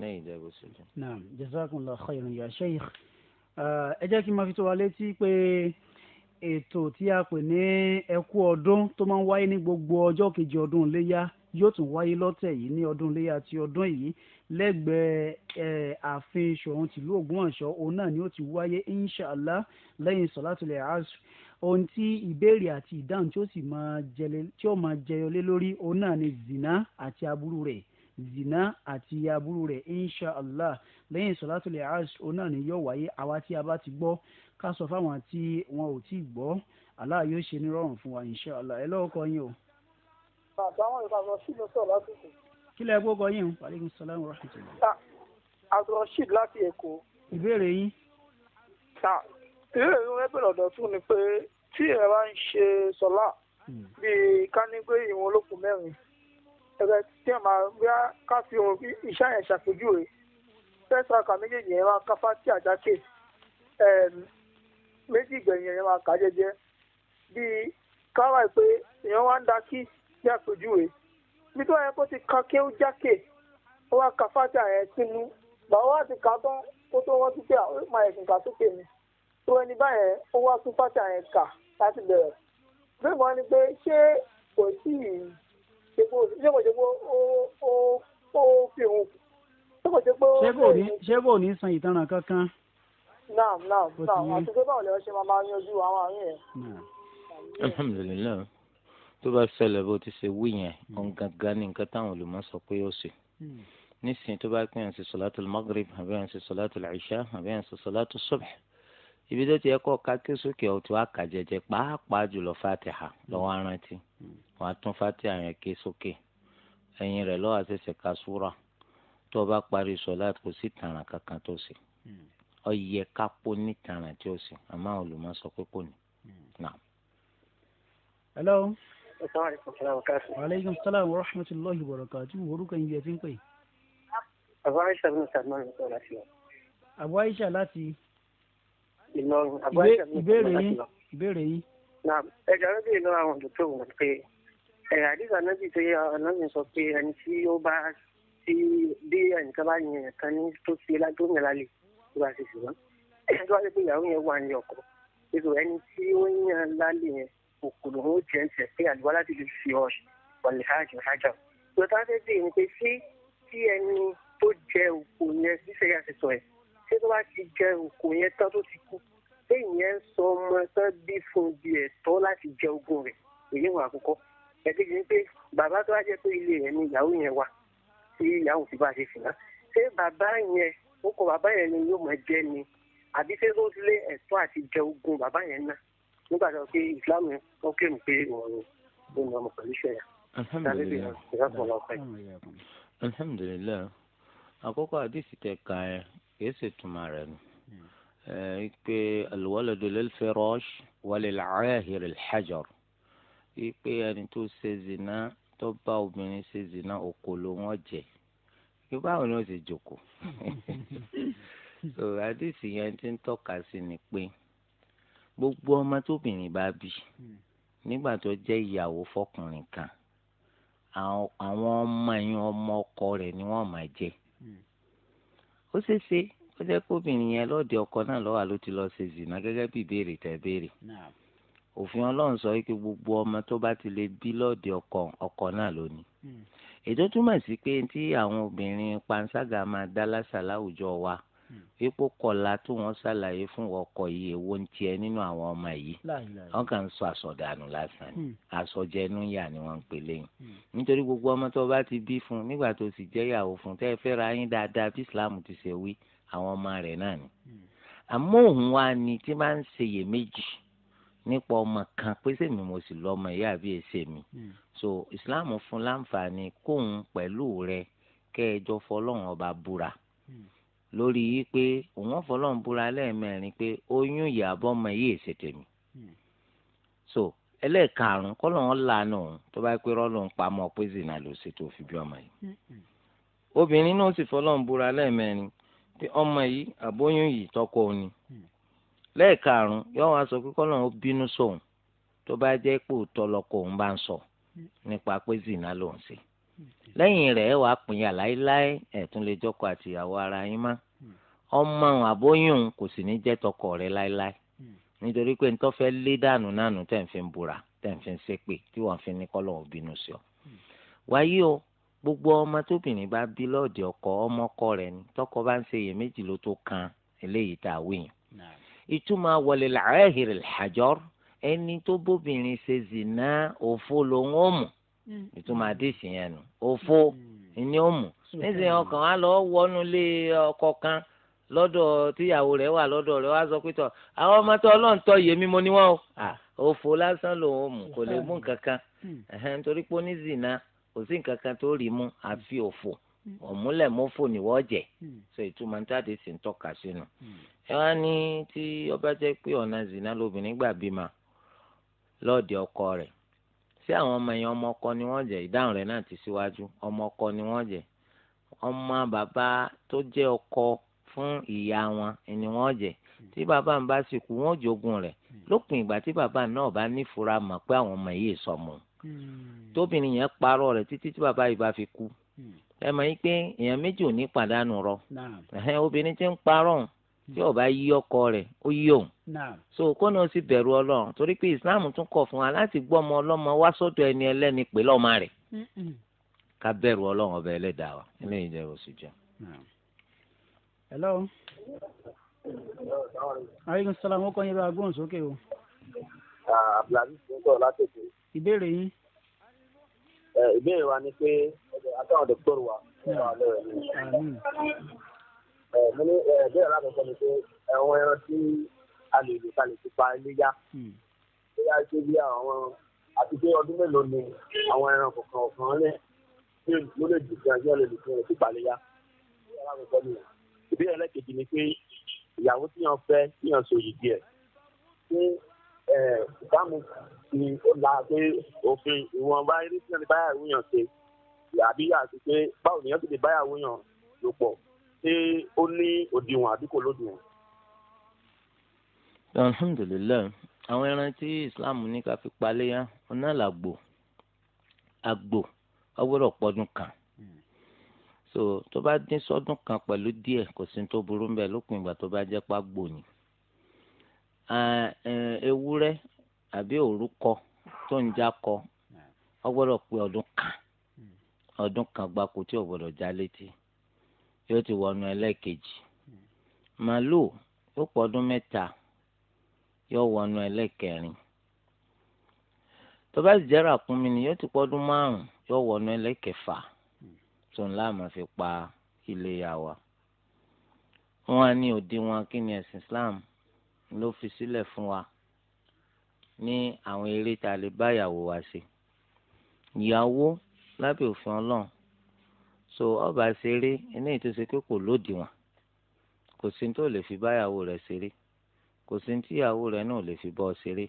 ní ìjẹ́bù sílẹ̀. naam jazakumullahu khairan ya sheikh ẹ jẹ́ kí n máa fi tó wa létí pé ètò tí a pè ní ẹkú ọdún tó máa ń wáyé ní gbogbo ọjọ́ kejì ọdún léyà yóò tún wáyé lọ́tẹ̀ yìí ní ọdún iléyà ti ọdún yìí lẹ́gbẹ̀ẹ́ ààfin ṣòun tìlú ògbómọ̀ṣọ́ òun náà ni ó ti wáyé inshàlá lẹ́yìn sọ̀látùlẹ̀ asr ohun tí ìbéèrè àti ìdáhùn tí ó sì máa jẹyọlé lórí òun náà ni zina àti aburú rẹ̀ zina àti aburú rẹ̀ inshàlá lẹ́yìn sọ̀látùlẹ̀ asr òun náà ni yóò wáyé àwa tí a bá ti gbọ́ ká sọ fáwọn tí wọn ò tí gbọ́ Allah yóò ṣe ní rọrùn fún wa inshàlá ẹ lọ́wọ́ yín o àtàwọn ìbàdàn sí ló sọ lásìkò. kílẹ̀ gbogbo yín ń parí ní wa ìwọ̀n rẹ̀ tó. abdulrasheed láti èkó. ìbéèrè yín. ìbéèrè yín ẹgbẹ́ lọ́dọ̀ tún ni pé tí ẹ bá ń ṣe sọlá hmm. bíi kánígbé ìwọ̀n olókùn mẹ́rin ẹgbẹ́ tí ẹ máa bí ká fi ohun iṣẹ́ yẹn ṣàpèjúwe fẹ́ẹ́ sọ̀kà méjèèjì yẹn máa káfá tí àjákè méjì gbẹ̀yìn yẹn máa kà jẹ́jẹ́ bíi káwáì pé èèyàn wá ń da kí sí àpèjúwe ibi tó yẹ kó ti kan kí ó jákè ó wá ka fájà yẹn sínú bàbá wa ti kà á tán kó tó wọ́n sókè àwọn máa ẹ̀sìn kà sókè mi tó ẹni báyẹn ó wá tún fájà yẹn kà láti bẹ̀rẹ̀ bẹ́ẹ̀ mọ́ ni pé ṣé kò sí ìṣègbò ṣé kò ṣe pé ó fi òun ṣé kò ṣe pé ó. ṣé ní san ìtanràn kankan. naam naam naam àti pé báwo lè ṣe máa yanjú àwọn àárín yẹn. alhamdulilayi tó bá ṣẹlẹ̀ bó ti ṣe wí yẹn òun hmm. gangan ni nǹkan táwọn olùmọ̀ sọ pé ó ṣe hmm. nísìnyí tó bá pín àǹsí sọ̀látù magrib àbí àǹsí sọ̀látù ìṣá àbí àǹsí sọ̀látù subh ibi tó ti yẹ kọ́ ká ké sókè ọ̀tún àkà jẹjẹ pàápàá jùlọ fatiha lọ́wọ́ arántí hmm. wàá tún fatiha yẹn ké sókè ẹ̀yìn rẹ̀ lọ́wọ́ àṣẹṣẹ ká súra tó bá parí sọ̀látù aleykum salaam wa rahmatulahi wa barakatuh orúkọ yín bí ẹ ti ń pè. àbúrò àìsàn mi sàmúlò ní sọlá sí ọ. àbúrò àìsàn láti. Ìlọrin àbúrò àìsàn mi sàmúlò láti lọ. ìbéèrè yín. na ẹja ló bèèrè lọ́wọ́ àwọn dòtò wọn pé ẹ̀ àdìsá náà bìí pé ọ̀nàmì sọ pé ẹni tí ó bá tí bí ẹnìkan bá yẹn kan ní tó ti tó yẹn lálẹ́ tó bá ti sì wọ́n. ẹni tó wá lé pé ìyàwó yẹn wà ní ọkọ̀ ẹni tí ó yẹn lálẹ́ yẹn òkùnrin jẹ́ǹsẹ̀ pé àlùwalá ti lè fi ọ̀ wàlíhájì hájà. lọ́tà fẹ́ bí ní pé sí tí ẹni tó jẹ òkú yẹn ṣíṣẹ́ yà ti sọ ẹ̀ ṣé tó bá ti jẹ òkú yẹn tán tó ti kú lẹ́yìn yẹn sọ ọmọ tán bí fún bí ẹ̀tọ́ láti jẹ ogún rẹ̀ èyí wà àkọ́kọ́ ẹ̀kejì ni pé bàbá tó wá jẹ́ pé ilé rẹ̀ ni ìyàwó yẹn wà tí ìyàwó ti bá ṣe fìlà ṣé bàbá yẹn ó kọ bàbá yẹn ni yóò máa jẹ ni àbí ṣé tó lé ẹ̀tọ́ àti jẹ ogún bàbá nígbà tó pé islam yẹn ó kéré pé òun ló ń ọmọ pẹ̀lú iṣẹ́ yẹn. alhamdulilayi àkókò àdìsí tẹ ka ẹ kìí ṣe tuma rẹ nù ipe alwaladu lil firash walil ahir hajar ipe ẹni tó ṣe zina tó bá obìnrin ṣe zina òkò ló wọn jẹ báwo ti jòkó so àdìsí yẹn ti ń tọ́ka ni pé gbogbo ọmọ tóbìnrin bá bí hmm. nígbà tó jẹ́ ìyàwó fọkùnrin kan àwọn ọmọ ẹ̀yìn ọmọ ọkọ rẹ̀ ni wọ́n máa jẹ hmm. ó ṣeé ṣe ó jẹ́ kóbìnrin yẹn lọ́ọ̀dẹ ọkọ náà lọ́wọ́ ló ti lọ ṣe zìnà gẹ́gẹ́ bí ìbéèrè tẹ̀ béèrè òfin ọlọ́run sọ wípé gbogbo ọmọ tó bá ti lè bí lọ́ọ̀dẹ ọkọ ọkọ náà lónìí hmm. ètò túmọ̀ sí pé tí àwọn obìnrin panṣágà máa dá lásà láwùjọ wa ipò kọlá tí wọn ṣàlàyé fún ọkọ yìí èwo ń tiẹ̀ nínú àwọn ọmọ yìí wọn kàn ń sọ àsọdànù lásán àsọjẹnu yà ni hmm. wọn ń pè lẹ́yìn hmm. nítorí gbogbo ọmọ tó bá ti bí fún nígbà tó sì jẹ́ ìyàwó fún tẹ́ ẹ fẹ́ ra yín dáadáa bí islam ti ṣe wí àwọn ọmọ rẹ̀ náà ni hmm. àmọ́ òun wa ni tí máa ń ṣeyèméjì nípa ọmọ kan pé sèmi mo sì lọ́mọ ìyá àbí èsè mi so islam fún láǹfààní kóun pẹ̀lú rẹ̀ kẹ́ ẹ jọ ọba búra lórí yìí pé òun fọlọ́n búra lẹ́ẹ̀mẹrin pé oyún ìyàbọ̀ ọmọ yìí ṣe tèmi hmm. so ẹlẹ́ẹ̀karùn-ún kọ́lọ̀ wọn lànà òun tó bá pé rọ́ọ̀lù ń pamọ́ pé zina ló ṣe tó fi bí ọmọ yìí hmm, hmm. obìnrin náà sì fọlọ́n búra lẹ́ẹ̀mẹrin pé ọmọ yìí àbóyún yìí tọkọ òun ni lẹ́ẹ̀karùn-ún yóò wá pé kọ́lọ̀ bínú sóun tó bá jẹ́ pé òótọ́ lọkọ òun bá ń sọ nípa pé zina ló ń ṣe lẹ́yìn rẹ̀ ẹ wàá pínyà láéláé ẹ̀tún lè jọkọ àtìyàwó ara yín má ọmọ àbóyún kò sì ní jẹ́ tọkọ rẹ̀ láéláé nítorí pé nítorí fẹ́ lé dànù nánú tẹ̀ ń fi búra tẹ̀ ń fi ṣépè tí wọ́n fi ní kọ́lọ̀ òbínú sí ọ. wáyé o gbogbo ọmọ tóbìnrin bá bí lọ́ọ̀dì ọkọ ọmọ ọkọ rẹ̀ ni tọkọ bá ń ṣe iyèméjì ló tó kan eléyìí tá a wéyìn. ìtumọ̀ wọlé làárẹ̀ hìrì àjọ ẹni tó bóbìnrin ṣe zìnà òfo lòun ó mú Mm. ìtumọ̀ mm. àdìsí yẹn nù òfo mm. ni ó mú nísìnyí ọkàn á lọ wọnú lé ọkọ kan lọ́dọ̀ tíyàwó rẹ̀ wà lọ́dọ̀ rẹ̀ wá sọ pé tọ̀ àwọn ọmọ tó ọlọ́run tọ́ yèmí mo ní wọ́n o òfo lásán lòun mú kò lè mú nǹkan kan nítorí pé onízìnnà kò sí nǹkan kan tó rí mú àfi òfo ọ̀múlẹ̀ mọ́fò níwọ́ jẹ̀ so ìtumọ̀ nítorí sì ń tọ́ka sínú. ẹ wá ní tí ọba jẹ́ pé ọ̀nà zina lóbìnrin gbà bímọ lọ́ọ̀dẹ ọkọ rẹ̀ ṣé àwọn ọmọ yẹn ọmọ ọkọ ni wọ́n jẹ́ ìdáhùn rẹ̀ náà ti síwájú ọmọ ọkọ ni wọ́n jẹ́ ọmọ bàbá tó jẹ́ ọkọ fún ìyá wọn ni wọ́n jẹ́ tí bàbá ń bá sì kú wọ́n jogún rẹ̀ lópin ìgbà tí bàbá náà bá nífura mọ pé àwọn ọmọ yìí sọmọ hmm. tóbìnrin yẹn parọ rẹ̀ títí tí bàbá yìí bá fi kú hmm. ẹ mọ̀ yín pé èèyàn méjì ò ní pàdánù rọ obìnrin tí ń parọ́ tí ó bá yí ọkọ rẹ̀ ó yí òun so kọ́nà ó sì bẹ̀rù ọlọ́run torí pé islam tún kọ̀ fún wa láti gbọ́ ọmọ ọlọ́mọ wá sọ́dọ̀ ẹni ẹlẹ́ni pè lọ́mọ rẹ̀ ká bẹ̀rù ọlọ́run ọba ẹlẹ́dàá wa eléyìí jẹ́ oṣù jẹ́. hello. aleykum salaam ó kọ́ yín bá a gbóhùn sókè o. abdulaziz ń sọ̀rọ̀ látòkè. ìbéèrè yín. ìbéèrè wa ni pé àtàwọn dókítà wa mo ní ìbéèrè alákọ̀ọ́kọ́ ni pé àwọn ẹran tí a lè lò ta lè fi pa iléyá bóyá hmm. ṣé bí àwọn àti pé ọdún mélòó ni àwọn ẹran kọ̀ọ̀kan ọ̀kan rẹ̀ ló lè dùn sí àjọ lè lò fún ẹ̀ sí ìpàlẹ́yà ìbéèrè alákọ̀ọ́kọ́ ni ìbéèrè ẹlẹ́kejì ni pé ìyàwó tí yàn fẹ́ tí yàn so yìí díẹ̀ ṣé ìbámu ni ó la pé òfin ìwọ̀nba eré tí yàn ti báyàwó yàn ṣe àbí àti pé báwo ni yàn ti lè báyàwó yàn lò pọ̀ ó ní òdiwọ̀n àbí kò lódiwọ̀n. alhamdulilayi àwọn ẹran tí islam ní ká fi paléyà ọ̀nà làgbò àgbò ọgbọ́dọ̀ pọ́dún kan so tó bá dín sọ́dún kan pẹ̀lú díẹ̀ kò sí tó burú ń bẹ lópin ìgbà tó bá jẹ́ pàgbò ni ewúrẹ́ àbí òrúkọ tó ń jákọ ọgbọ́dọ̀ pé ọdún kan ọdún kan gbáko tí ò gbọ́dọ̀ já létí. Mm yóò ti wọnú ẹlẹ́ẹ̀kejì màálù yóò pọ̀ ọdún mẹ́ta yóò wọnú ẹlẹ́ẹ̀kẹrin tó bá sì jẹ́ ràkúnmí ni yóò ti pọ̀ ọdún márùn yóò wọnú ẹlẹ́ẹ̀kẹfà tó ńlá máa fi pa iléyá wa wọn á ní òdiwọn kí ni ẹ̀sìn Islam ló fi sílẹ̀ fún wa ní àwọn eré tá a lè bá ìyàwó wa ṣe ìyàwó lábẹ́ òfin Ọlọ́run so ọba ṣeré eléyìí tó ṣe pé kò lódiwọ̀n kò sí tó lè fi báyàwó rẹ̀ ṣeré kò sí tíyàwó rẹ̀ náà lè fi bọ́ ṣeré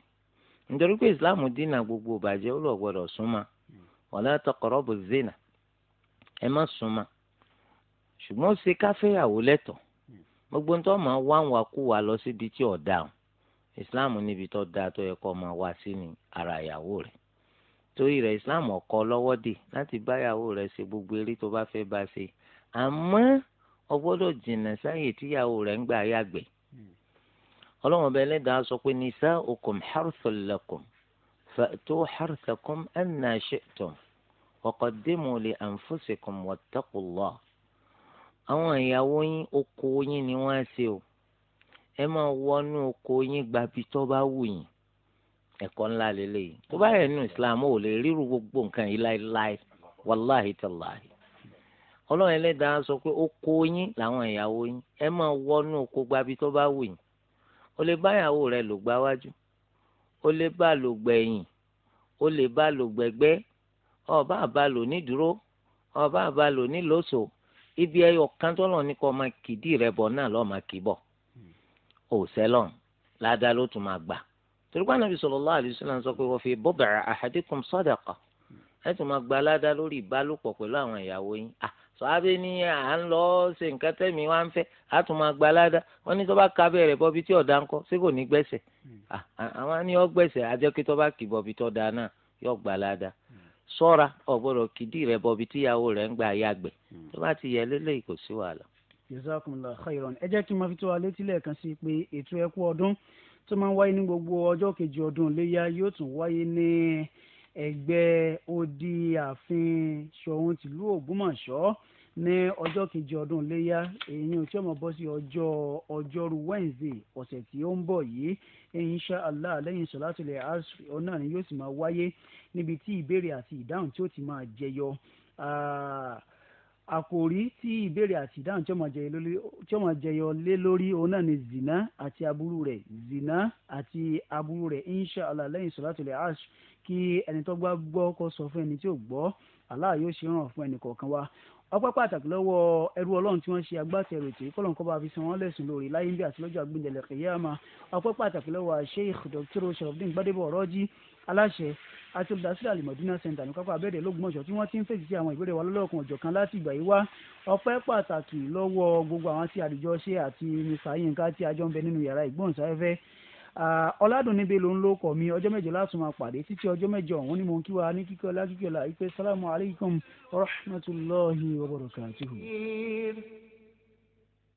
nítorí pé islam dínà gbogbo bàjẹ́ ó lọ gbọdọ̀ súnmọ́ wala zina ẹ má súnmọ́ ṣùgbọ́n ó ṣe gbogbo ń tọ́ wá wa lọ síbi tí níbi tó tó yẹ kó wá sí ara ìyàwó torí rẹ̀ islam ọkọ lọ́wọ́ dì láti báyàwó rẹ̀ ṣe gbogbo eré tó bá fẹ́ bá ṣe àmọ́ o gbọ́dọ̀ jìnnà sáyè tíyàwó rẹ̀ ń gbà yàgbẹ́ ọlọ́wọ́n bẹ́ẹ̀ lẹ́dàá sọ pé nisa'ukum harthul lakum fa'tu harthakum anna shi'tum wa qaddimu li anfusikum wattaqullah àwọn ìyàwó yín oko yín ni wọ́n ṣe o ẹ máa wọnú oko yín gbàbí tó bá wù yín ẹ̀kọ́ ńlá lélẹ́yìí tó bá yẹ nínú islam ò lè ríru gbogbo nǹkan yìí láéláé wàláhì tàláhì ọlọ́run ẹlẹ́dàá sọ pé oko yín làwọn ìyàwó yín ẹ máa wọnú oko gbabi tó bá wù yín o lè bá ìyàwó rẹ lò gbá wájú o lè bá lò gbẹ̀yìn o lè bá lò gbẹ̀gbẹ́ ọba àbá lò nídúró ọba àbá lò nílòsò ibi ẹyọ kan tó lọ ní kó máa kìdí rẹ bọ̀ náà lọ́ọ́ máa kì í bọ̀ ládàá ló tún máa gbà torípa nàbì sallallahu alaihi wasallam sọ pé wa fi bud'a ahadikum sadaqa ẹ tún máa gba aládá lórí ìbálòpọ̀ pẹ̀lú àwọn ìyàwó yín ah, sọ́ábẹ́ ní à ń lọ ṣe nǹkan tẹ́mi wá ń fẹ́ á tún máa gba aládá wọ́n ní tó bá ka bẹ́ẹ̀ rẹ̀ bọ́bí tí ọ̀dà ń kọ́ ṣé kò ní gbẹ̀sẹ̀ hmm. ah, àwọn á ní ọ gbẹ̀sẹ̀ á jẹ́ kí tó bá kì bọ́bí tó da náà yóò gba sọ́ra hmm. ọ̀gbọ́dọ̀ kìdí rẹ̀ bọ́bí tíyàwó rẹ̀ ń gbà yàgbẹ́ hmm. tó bá ti yẹ lélẹ́yìí kò sí wàhálà. ẹ jẹ́ kí n máa fi tó wa létí lẹ́ẹ̀kan sí pé ètò ẹ̀kú ọdún tó máa ń wáyé ní gbogbo ọjọ́ kejì ọdún iléyà yóò tún wáyé ní ẹgbẹ́ odi ààfin ṣòun tìlú ògbómọ̀ṣọ́ ní ọjọ́ kejì ọdún iléyà èyàn tí ọmọ bọ́ sí ọjọ́ ọjọ́rú wednesday ọ̀sẹ̀ tí ó ń bọ̀ yìí insha allah lẹ́yìn sọ̀látìlẹ̀ asri ọ̀nà ni yóò sì máa wáyé níbi tí ìbéèrè àti ìdáhùn tí ó ti máa jẹyọ àkòrí tí ìbéèrè àti ìdáhùn tí ó máa jẹyọ lé lórí òun náà ni zina àti aburú rẹ̀ zina àti aburú rẹ̀ inshallah lẹ́yìn sọlátùlẹ ash kí ẹni tó gbá gbọ́ kó sọ fún ẹni tí ò gbọ́ Allah yóò ṣe ràn fún ẹnì kọ̀ọ̀kan wa ọpẹ́ pàtàkì lọ́wọ́ ẹrú ọlọ́run tí wọ́n ṣe agbátẹrù ètò ìkọlọ́n kọ́ bá fi san wọ́n lẹ́sùn lórí láyé bí àtìlọ́jọ́ àgbéǹdẹ̀lẹ̀ kìyàmá ọpẹ́ pàtàkì lọ́wọ́ Sheikh Dr. Sharafdin Gbadebo Ọ̀rọ́jì aláṣẹ àti olùdásílẹ̀ alimọ̀dúnà center ní kápá abẹ́rẹ́ lọ́gbọ̀nsọ̀ tí wọ́n ti ń fèsì sí àwọn ìbéèrè wa lọ́lọ́kan ọ̀jọ̀kan láti ìgbà yìí wá ọpẹ́ pàtàkì lọ́wọ́ gbogbo àwọn tí àdìjọ ṣe àti mr yinka tí a jọ ń bẹ nínú yàrá ìgbóhùnsáfẹ́fẹ́ ọ̀làdùnní bẹ́ẹ̀ ló ń lò kọ̀ mí ọjọ́ mẹ́jọ láti máa pàdé títí ọjọ́ mẹ́jọ ọ̀hún ni mo ń kí wa ní kíkọ́ lákìkọ́lá ìpè sálámù alaykum rahmatulahi wa barakatuhu.